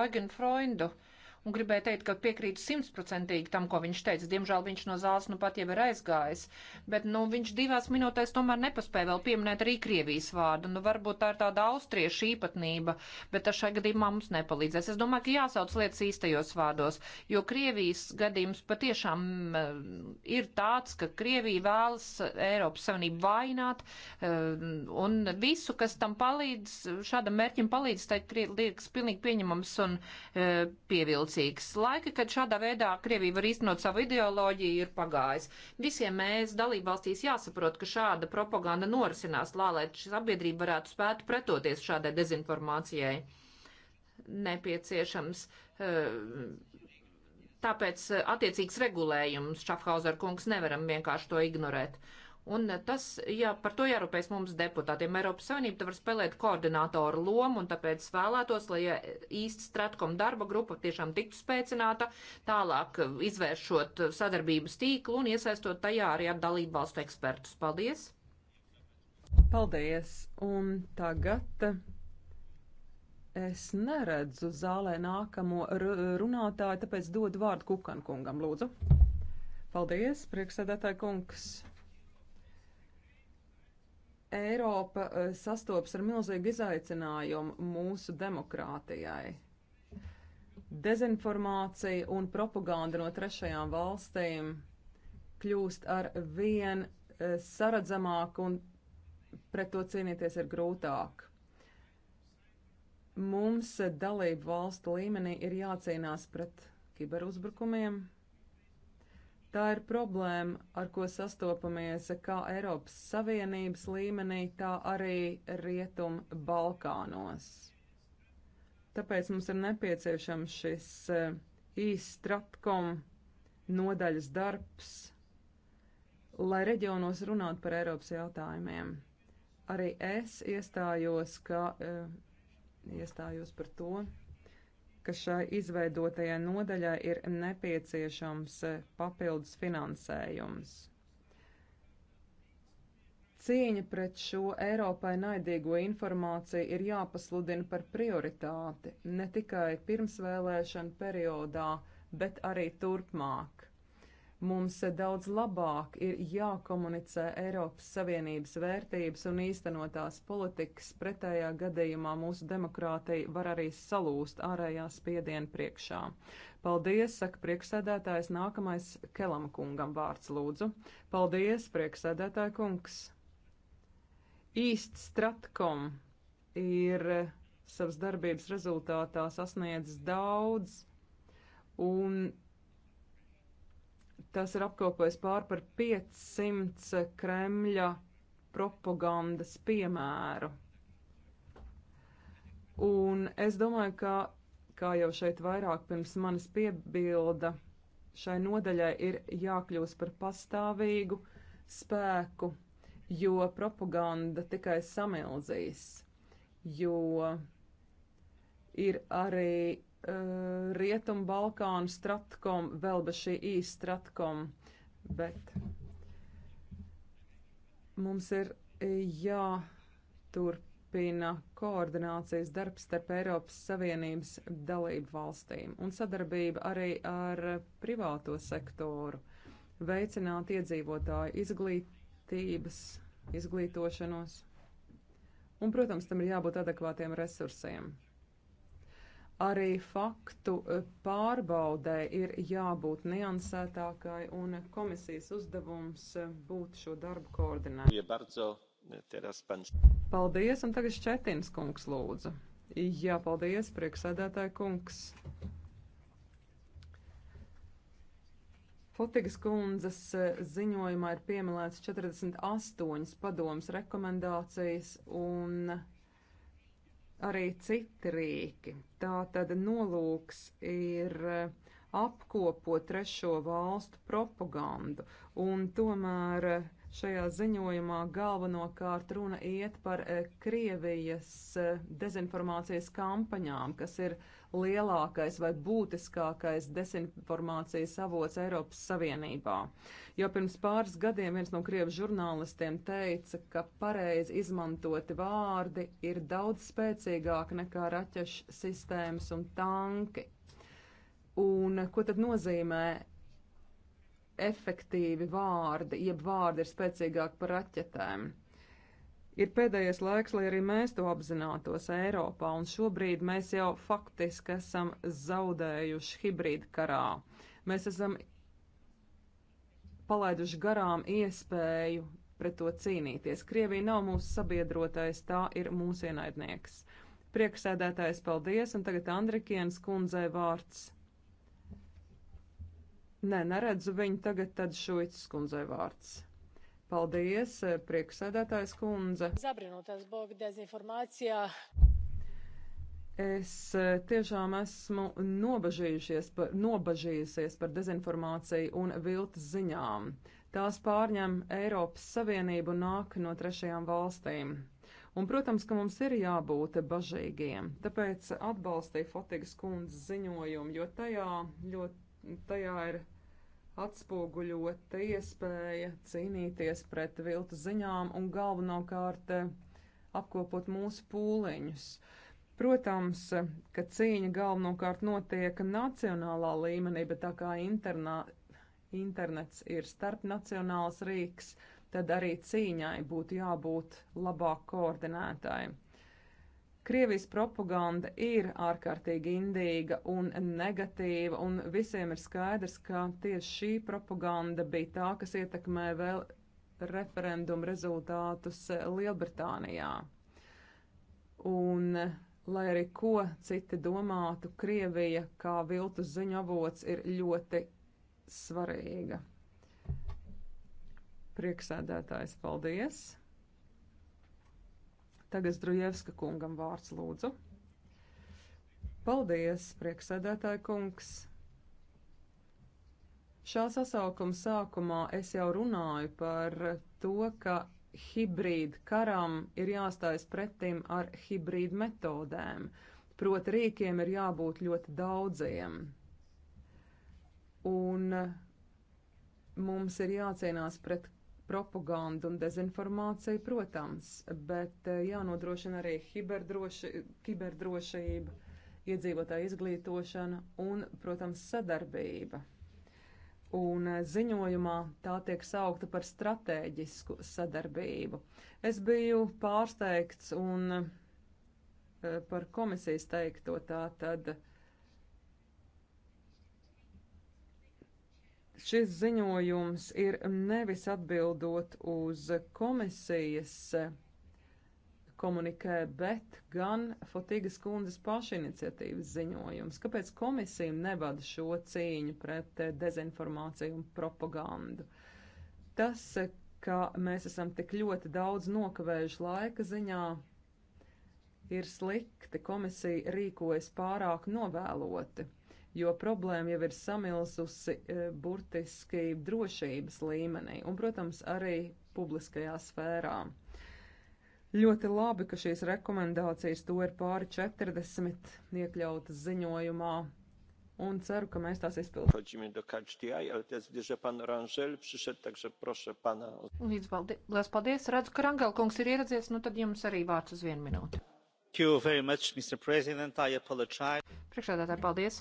Oigenu Freundu. Uh, un gribēju teikt, ka piekrītu simtprocentīgi tam, ko viņš teica. Diemžēl viņš no zāles nu pat jau ir aizgājis, bet nu, viņš divās minūtēs tomēr nepaspēja vēl pieminēt arī Krievijas vārdu. Nu, varbūt tā ir tāda austriešu īpatnība, bet tas šai gadījumā mums nepalīdzēs. Es domāju, ka jāsauc lietas īstajos vārdos, jo Krievijas gadījums patiešām eh, ir tāds, ka Krievija vēlas eh, Eiropas Savienību vainot eh, un visu, kas tam palīdz, šādam mērķim palīdz, tai liekas pilnīgi pieņemams un pievilcis trūcīgs. Laika, kad šādā veidā Krievija var īstenot savu ideoloģiju, ir pagājis. Visiem mēs dalībvalstīs jāsaprot, ka šāda propaganda norisinās, lā, lai sabiedrība varētu spēt pretoties šādai dezinformācijai. Nepieciešams. Uh, Tāpēc eh, attiecīgs regulējums Šafhauser kungs nevaram vienkārši to ignorēt. Uh, Un tas, jā, par to jārūpēs mums deputātiem. Eiropas Savienība var spēlēt koordinātoru lomu, un tāpēc vēlētos, lai ja īsta stratkom darba grupa tiešām tiktu spēcināta, tālāk izvēršot sadarbības tīklu un iesaistot tajā arī ar dalību valstu ekspertus. Paldies! Paldies! Un tagad es neredzu zālē nākamo runātāju, tāpēc dodu vārdu Kukankungam, lūdzu. Paldies, priekšsēdētāji kungs! Eiropa eh, sastopas ar milzīgu izaicinājumu mūsu demokrātijai. Dezinformācija un propaganda no trešajām valstīm kļūst ar vien eh, saredzamāk un pret to cīnīties ir grūtāk. Mums dalību valstu līmenī ir jācīnās pret kiberuzbrukumiem, Tā ir problēma, ar ko sastopamies kā Eiropas Savienības līmenī, tā arī Rietum Balkānos. Tāpēc mums ir nepieciešams šis eh, īstratkom nodaļas darbs, lai reģionos runātu par Eiropas jautājumiem. Arī es iestājos, ka, eh, iestājos par to, ka šai izveidotajai nodaļai ir nepieciešams eh, papildus finansējums. Cīņa pret šo Eiropai naidīgo informāciju ir jāpasludina par prioritāti ne tikai pirmsvēlēšanu periodā, bet arī turpmāk. Mums daudz labāk ir jākomunicē Eiropas Savienības vērtības un īstenotās politikas. Pretējā gadījumā mūsu demokrātija var arī salūst ārējā spiediena priekšā. Paldies, saka priekšsēdētājs. Nākamais Kelam kungam vārds lūdzu. Paldies, priekšsēdētāja kungs. Īst Stratkom ir savas darbības rezultātā sasniedzis daudz, un Tas ir apkopojis pār par 500 Kremļa propagandas piemēru. Un es domāju, ka, kā jau šeit vairāk pirms manis piebilda, šai nodaļai ir jākļūst par pastāvīgu spēku, jo propaganda tikai samildzīs, jo ir arī Eh, Rietumu Balkānu stratkom, vēl bez šī īsta stratkom, bet mums ir jāturpina koordinācijas darbs starp Eiropas Savienības dalību valstīm un sadarbība arī ar privāto sektoru, veicināt iedzīvotāju izglītības, izglītošanos. Un, protams, tam ir jābūt adekvātiem resursiem. Arī faktu e, pārbaudē ir jābūt niansētākai, un komisijas uzdevums e, būtu šo darbu koordinēt. Paldies, un tagad Šķetins kungs lūdzu. Jā, paldies, prieksēdētāji kungs. Fotigas kundzes e, ziņojumā ir pieminēts 48 padomas rekomendācijas, un arī citi rīki. Tā tad nolūks ir apkopot trešo valstu propagandu, un tomēr šajā ziņojumā galvenokārt runa iet par eh, Krievijas eh, dezinformācijas kampaņām, kas ir uh, lielākais vai būtiskākais desinformācijas avots Eiropas Savienībā. Jo pirms pāris gadiem viens no krievu žurnālistiem teica, ka pareizi izmantoti vārdi ir daudz spēcīgāki nekā raķešu sistēmas un tanki. Un ko tad nozīmē efektīvi vārdi, jeb vārdi ir spēcīgāki par raķetēm? Ir pēdējais laiks, lai arī mēs to apzinātos Eiropā, un šobrīd mēs jau faktiski esam zaudējuši hibrīda karā. Mēs esam palaiduši garām iespēju pret to cīnīties. Krievija nav mūsu sabiedrotais, tā ir mūsu ienaidnieks. Prieksēdētājs paldies, un tagad Andrikienas kundzei vārds. Nē, neredzu viņu tagad, tad Šuicas kundzei vārds. Paldies, eh, prieksēdētājs kundze. Zabrinotās bog dezinformācijā. Es eh, tiešām esmu nobažījušies par, nobažījusies par dezinformāciju un viltus ziņām. Tās pārņem Eiropas Savienību nāk no trešajām valstīm. Un, protams, ka mums ir jābūt bažīgiem. Tāpēc atbalstīju Fotigas kundzes ziņojumu, jo tajā, jo tajā ir atspoguļota iespēja cīnīties pret viltu ziņām un galvenokārt eh, apkopot mūsu pūliņus. Protams, eh, ka cīņa galvenokārt notiek nacionālā līmenī, bet tā kā internā, internets ir starpnacionāls rīks, tad arī cīņai būtu jābūt labāk koordinētājai. Krievijas propaganda ir ārkārtīgi indīga un negatīva, un visiem ir skaidrs, ka tieši šī propaganda bija tā, kas ietekmē vēl referendumu rezultātus eh, Lielbritānijā. Un, lai arī ko citi domātu, Krievija kā viltus ziņu avots ir ļoti svarīga. Prieksēdētājs, paldies! Tagad Zdrujevska kungam vārds lūdzu. Paldies, prieksēdētāja kungs! Šā sasaukuma sākumā es jau runāju par to, ka hibrīd karam ir jāstājas pretim ar hibrīd metodēm, proti rīkiem ir jābūt ļoti daudziem. Un mums ir jācīnās pret propaganda un dezinformācija, protams, bet eh, jānodrošina arī kiberdroši, kiberdrošība, iedzīvotāja izglītošana un, protams, sadarbība. Un eh, ziņojumā tā tiek saukta par stratēģisku sadarbību. Es biju pārsteigts un eh, par komisijas teikto tā tad. Uh, Šis ziņojums ir nevis atbildot uz komisijas komunikē, bet gan Fotīgas kundzes pašiniciatīvas ziņojums. Kāpēc komisija nevada šo cīņu pret dezinformāciju un propagandu? Tas, ka mēs esam tik ļoti daudz nokavējuši laika ziņā, ir slikti. Komisija rīkojas pārāk novēloti jo problēma jau ir samilzusi e, burtiski drošības līmenī un, protams, arī publiskajā sfērā. Ļoti labi, ka šīs rekomendācijas to ir pāri 40 iekļautas ziņojumā. Un ceru, ka mēs tās izpildīsim. Līdz paldies, paldies. Redzu, ka Rangelkungs ir ieradies, nu tad jums arī vārds uz vienu minūti. Priekšādātāji, paldies!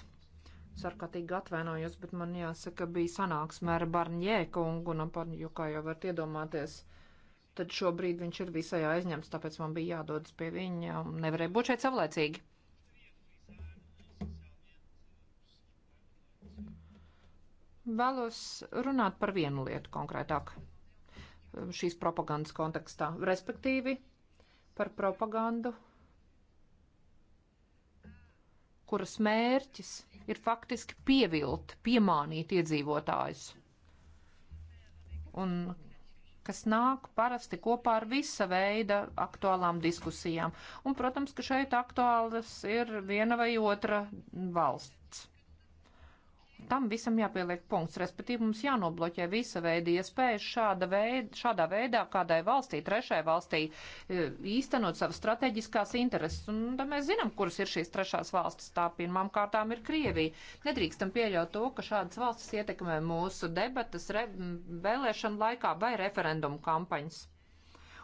Sarkatīgi atvainojos, bet man jāsaka, bija sanāksme ar Barņē kungu, un nu, par, jo, kā jau varat iedomāties, tad šobrīd viņš ir visai aizņemts, tāpēc man bija jādodas pie viņa, un nevarēja būt šeit savlaicīgi. Vēlos runāt par vienu lietu konkrētāk šīs propagandas kontekstā, respektīvi par propagandu, kuras mērķis ir faktiski pievilt, piemānīt iedzīvotājus. Un kas nāk parasti kopā ar visa veida aktuālām diskusijām. Un, protams, ka šeit aktuālas ir viena vai otra valsts tam visam jāpieliek punkts, respektīvi mums jānobloķē visa veida iespējas šāda veida, šādā veidā kādai valstī, trešai valstī e, īstenot savas strateģiskās intereses. Un tad mēs zinām, kuras ir šīs trešās valstis. Tā pirmām kārtām ir Krievija. Nedrīkstam pieļaut to, ka šādas valstis ietekmē mūsu debatas re, vēlēšanu laikā vai referendumu kampaņas.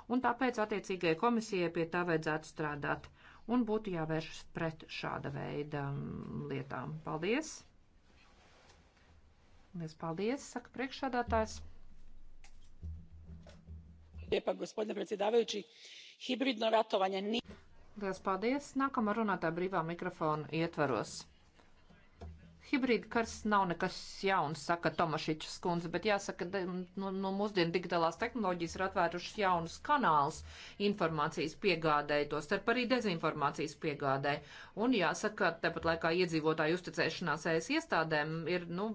Un tāpēc attiecīgajai komisijai pie tā vajadzētu strādāt. Un būtu jāvēršas pret šāda veida lietām. Paldies! Lies paldies, saka priekšsādātājs. Liepa, gospodine predsjedavajući, hibridno ratovanje nije. Liels paldies! Nākamā runātā brīvā mikrofona ietvaros. Hibrīda kars nav nekas jauns, saka Tomašičs kundze, bet jāsaka, no, no nu, nu, mūsdienu digitalās tehnoloģijas ir atvērušas jaunus kanālus informācijas piegādēji, to starp arī dezinformācijas piegādēji. Un jāsaka, tepat laikā iedzīvotāju uzticēšanās ES iestādēm ir, nu,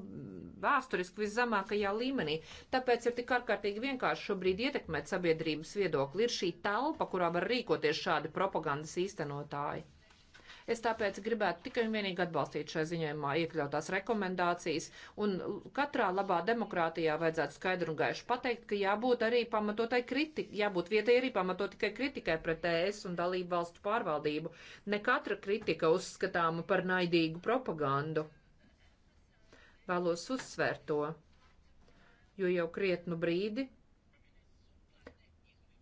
vēsturiski viszemākajā līmenī. Tāpēc ir tik ārkārtīgi vienkārši šobrīd ietekmēt sabiedrības viedokli. Ir šī telpa, kurā var rīkoties šādi propagandas īstenotāji. Es tāpēc gribētu tikai un vienīgi atbalstīt šajā ziņojumā iekļautās rekomendācijas, un katrā labā demokrātijā vajadzētu skaidru un gaišu pateikt, ka jābūt arī pamatotai kritikai, jābūt vietai arī pamatot tikai kritikai pret ES un dalību valstu pārvaldību. Ne katra kritika uzskatāma par naidīgu propagandu. Vēlos uzsvērt to, jo jau krietnu brīdi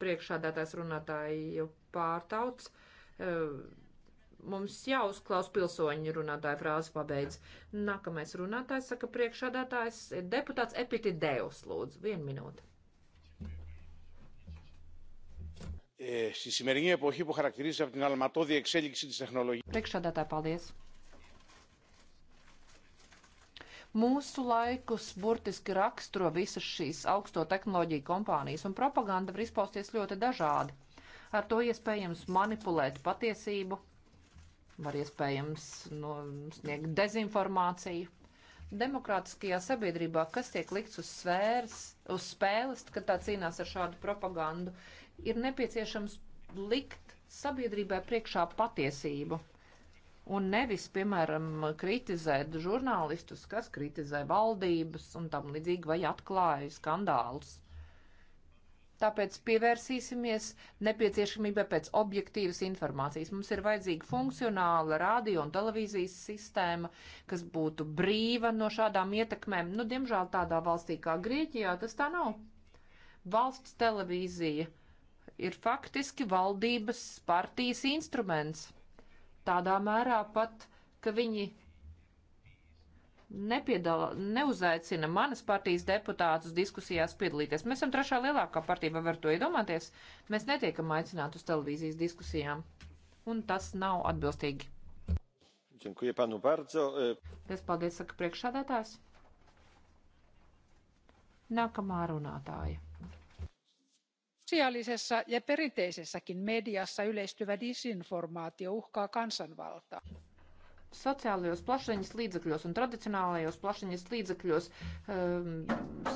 priekšādātājs runātāji jau pārtauc. Uh, mums jāuzklaus pilsoņu runātāja frāze pabeidz. Nākamais runātājs saka priekšādātājs ir deputāts Epitidejus, lūdzu, vienu minūti. Στη σημερινή εποχή που χαρακτηρίζεται από την αλματώδη εξέλιξη της τεχνολογίας. Priekšādātāj, paldies. Mūsu laikus burtiski raksturo visas šīs augsto tehnoloģiju kompānijas, un propaganda var izpausties ļoti dažādi. Ar to iespējams manipulēt patiesību, var iespējams no, nu, sniegt dezinformāciju. Demokrātiskajā sabiedrībā, kas tiek likts uz, svērs, uz spēles, kad tā cīnās ar šādu propagandu, ir nepieciešams likt sabiedrībai priekšā patiesību. Un nevis, piemēram, kritizēt žurnālistus, kas kritizē valdības un tam līdzīgi vai atklāja skandālus. Tāpēc pievērsīsimies nepieciešamībai pēc objektīvas informācijas. Mums ir vajadzīga funkcionāla radio un televīzijas sistēma, kas būtu brīva no šādām ietekmēm. Nu, diemžēl tādā valstī kā Grieķijā tas tā nav. Valsts televīzija ir faktiski valdības partijas instruments. Tādā mērā pat, ka viņi nepiedala, neuzaicina manas partijas deputātus diskusijās piedalīties. Mēs esam trešā lielākā partija, vai var to iedomāties? Mēs netiekam aicināti uz televīzijas diskusijām, un tas nav atbilstīgi. Dziękuję panu bardzo. Es paldies, saka priekšsādātājs. Nākamā runātāja. Sosiaalisessa ja perinteisessäkin mediassa yleistyvä disinformaatio uhkaa kansanvaltaa sociālajos plašsaziņas līdzekļos un tradicionālajos plašsaziņas līdzekļos, um,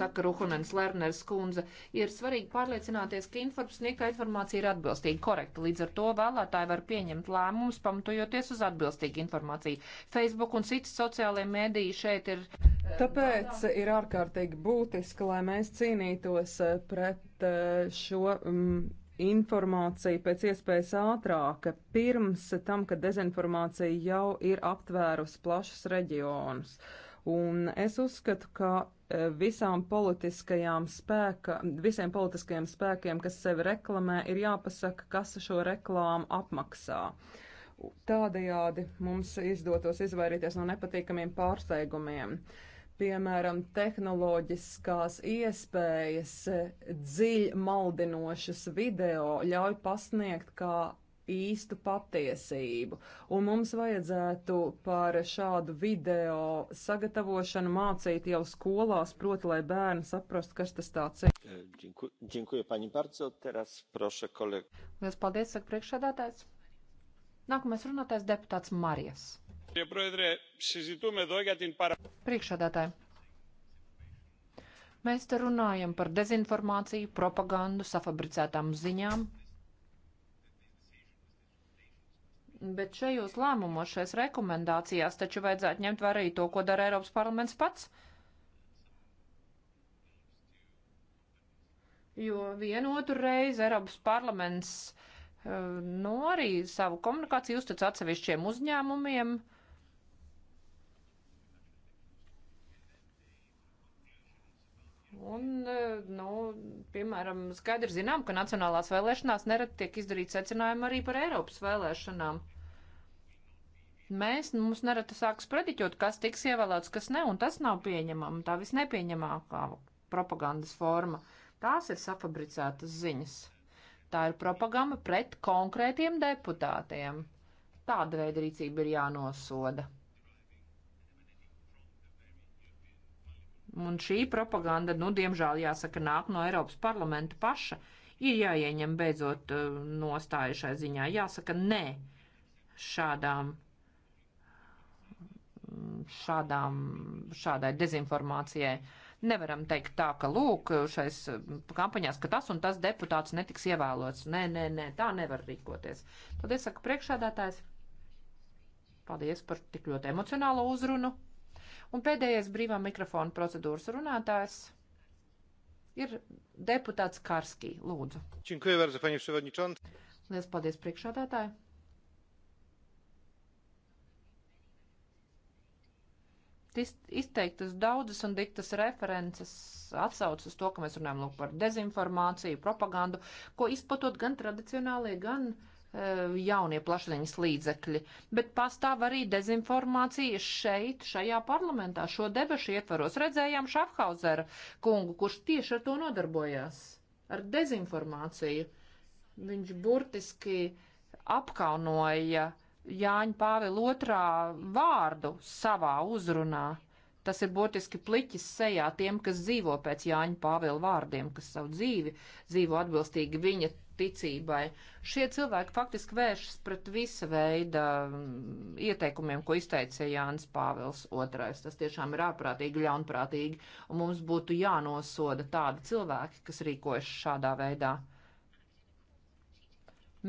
saka Ruhunens Lerners kundze, ir svarīgi pārliecināties, ka informācija, informācija ir atbilstīga, korekta. Līdz ar to vēlētāji var pieņemt lēmumus, pamatojoties uz atbilstīgu informāciju. Facebook un citas sociālajie mēdīji šeit ir. Eh, Tāpēc ir ārkārtīgi būtiski, lai mēs cīnītos eh, pret eh, šo. Um, informāciju pēc iespējas ātrāk, pirms tam, kad dezinformācija jau ir aptvērusi plašus reģionus. Un es uzskatu, ka e, visām politiskajām spēka, visiem politiskajiem spēkiem, kas sevi reklamē, ir jāpasaka, kas šo reklāmu apmaksā. Tādējādi mums izdotos izvairīties no nepatīkamiem pārsteigumiem. Uh, piemēram, tehnoloģiskās iespējas, e, dziļi maldinošas video ļauj pasniegt kā īstu patiesību, un mums vajadzētu par šādu video sagatavošanu mācīt jau skolās, proti, lai bērni saprastu, kas tas tāds ir. E, dziękuję pani bardzo, teraz proszę kolegu. Lielas paldies, saka priekšsādātājs. Nākamais runātājs deputāts Marijas. Priekšādātāji. Mēs te runājam par dezinformāciju, propagandu, safabricētām ziņām. Bet šajos lēmumos, šajās rekomendācijās taču vajadzētu ņemt vērā arī to, ko dara Eiropas parlaments pats. Jo vienotru reizi Eiropas parlaments, eh, nu, arī savu komunikāciju uztic atsevišķiem uzņēmumiem, uh, Un, e, nu, piemēram, skaidri zinām, ka nacionālās vēlēšanās nerad tiek izdarīt secinājumi arī par Eiropas vēlēšanām. Mēs, mums nereti sākas prediķot, kas tiks ievēlēts, kas ne, un tas nav pieņemama, tā visnepieņemākā propagandas forma. Tās ir safabricētas ziņas. Tā ir propaganda pret konkrētiem deputātiem. Tāda veida rīcība ir jānosoda. Un šī propaganda, nu, diemžēl jāsaka, nāk no Eiropas parlamenta paša. Ir jāieņem beidzot eh, nostāju šai ziņā. Jāsaka, nē šādām, šādām, šādai dezinformācijai. Nevaram teikt tā, ka lūk, šais eh, kampaņās, ka tas un tas deputāts netiks ievēlots. Nē, nē, nē, tā nevar rīkoties. Tad es saku priekšādātājs. Paldies par tik ļoti emocionālo uzrunu. Un pēdējais brīvā mikrofona procedūras runātājs ir deputāts Karskī. Lūdzu. Lielas paldies priekšādātāji. izteiktas daudzas un diktas references atsaucas uz to, ka mēs runājam lūk par dezinformāciju, propagandu, ko izplatot gan tradicionālie, gan uh, Eh, jaunie plašsaziņas līdzekļi, bet pastāv arī dezinformācija šeit, šajā parlamentā, šo debašu ietvaros. Redzējām Šafhauzera kungu, kurš tieši ar to nodarbojās, ar dezinformāciju. Viņš burtiski apkaunoja Jāņa Pāvila otrā vārdu savā uzrunā. Tas ir būtiski pliķis sejā tiem, kas dzīvo pēc Jāņa Pāvila vārdiem, kas savu dzīvi dzīvo atbilstīgi viņa ticībai. Šie cilvēki faktiski vēršas pret visa veida mm, ieteikumiem, ko izteica Jānis Pāvils II. Tas tiešām ir ārprātīgi, ļaunprātīgi, un mums būtu jānosoda tādi cilvēki, kas rīkojas šādā veidā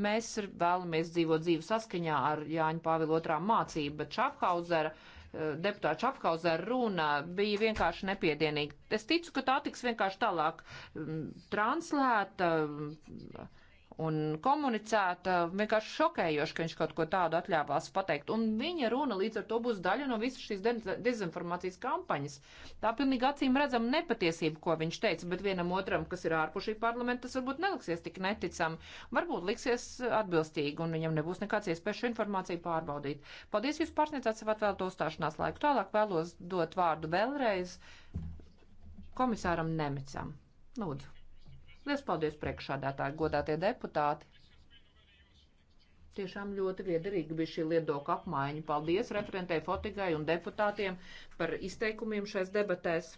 mēs vēlamies dzīvot dzīvi saskaņā ar Jāņa Pāvila otrā mācību, bet Šafhauzera uh, deputāta Čapkauza runa bija vienkārši nepiedienīga. Es ticu, ka tā tiks vienkārši tālāk mm, translēta. Um, un komunicēt, eh, vienkārši šokējoši, ka viņš kaut ko tādu atļāvās pateikt. Un viņa runa līdz ar to būs daļa no visas šīs dezinformācijas kampaņas. Tā pilnīgi acīm redzam nepatiesību, ko viņš teica, bet vienam otram, kas ir ārpus šī parlamenta, tas varbūt neliksies tik neticami. Varbūt liksies atbilstīgi, un viņam nebūs nekāds iespējas šo informāciju pārbaudīt. Paldies, jūs pārsniedzāt sev atvēlto uzstāšanās laiku. Tālāk vēlos dot vārdu vēlreiz komisāram Nemicam. Lūdzu. Lies paldies priekšādātāji, godātie deputāti! Tiešām ļoti viederīgi bija šī liedoka apmaiņa. Paldies referentē Fotigai un deputātiem par izteikumiem šais debatēs.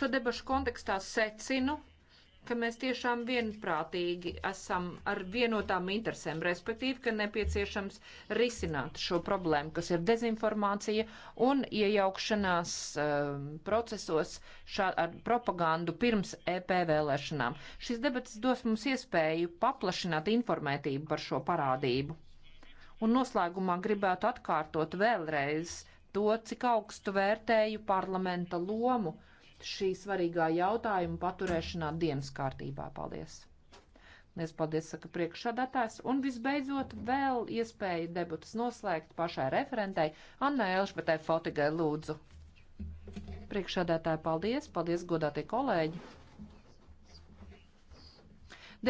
Šo debašu kontekstā secinu, ka mēs tiešām vienprātīgi esam ar vienotām interesēm, respektīvi, ka nepieciešams risināt šo problēmu, kas ir dezinformācija un iejaukšanās um, procesos šā, ar propagandu pirms EP vēlēšanām. Šis debats dos mums iespēju paplašināt informētību par šo parādību. Un noslēgumā gribētu atkārtot vēlreiz to, cik augstu vērtēju parlamenta lomu šī svarīgā jautājuma paturēšanā dienas kārtībā. Paldies! Lies paldies, saka priekšsādātājs. Un visbeidzot, vēl iespēja debutas noslēgt pašai referentei Annai Elšbetai Fotigai lūdzu. Priekšsādātāji, paldies! Paldies, godātie kolēģi!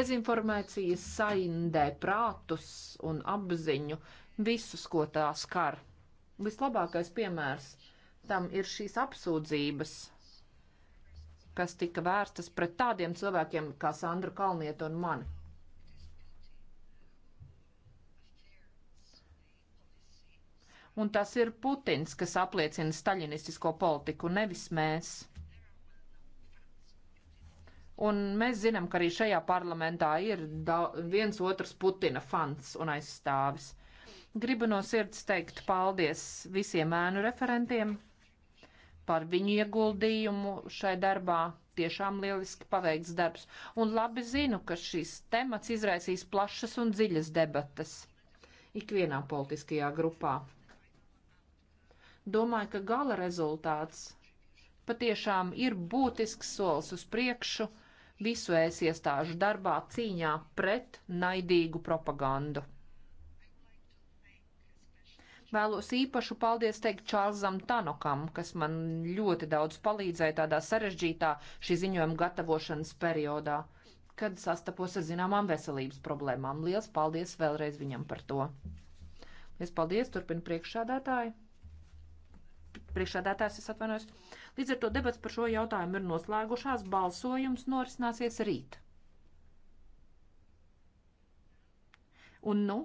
Dezinformācija saindē prātus un apziņu visus, ko tā skar. Vislabākais piemērs tam ir šīs apsūdzības kas tika vērstas pret tādiem cilvēkiem kā Sandra Kalnieta un mani. Un tas ir Putins, kas apliecina staļinistisko politiku, nevis mēs. Un mēs zinām, ka arī šajā parlamentā ir viens otrs Putina fans un aizstāvis. Gribu no sirds teikt paldies visiem ēnu referentiem par viņu ieguldījumu šai darbā. Tiešām lieliski paveikts darbs. Un labi zinu, ka šis temats izraisīs plašas un dziļas debatas ikvienā politiskajā grupā. Domāju, ka gala rezultāts patiešām ir būtisks solis uz priekšu visu ēs iestāžu darbā cīņā pret naidīgu propagandu. Vēlos īpašu paldies teikt Čārlzam Tanokam, kas man ļoti daudz palīdzēja tādā sarežģītā šī ziņojuma gatavošanas periodā, kad sastapos ar zināmām veselības problēmām. Liels paldies vēlreiz viņam par to. Liels paldies, turpina priekšādātāji. Priekšādātājs es atvainojos. Līdz ar to debats par šo jautājumu ir noslēgušās. Balsojums norisināsies rīt. Un nu,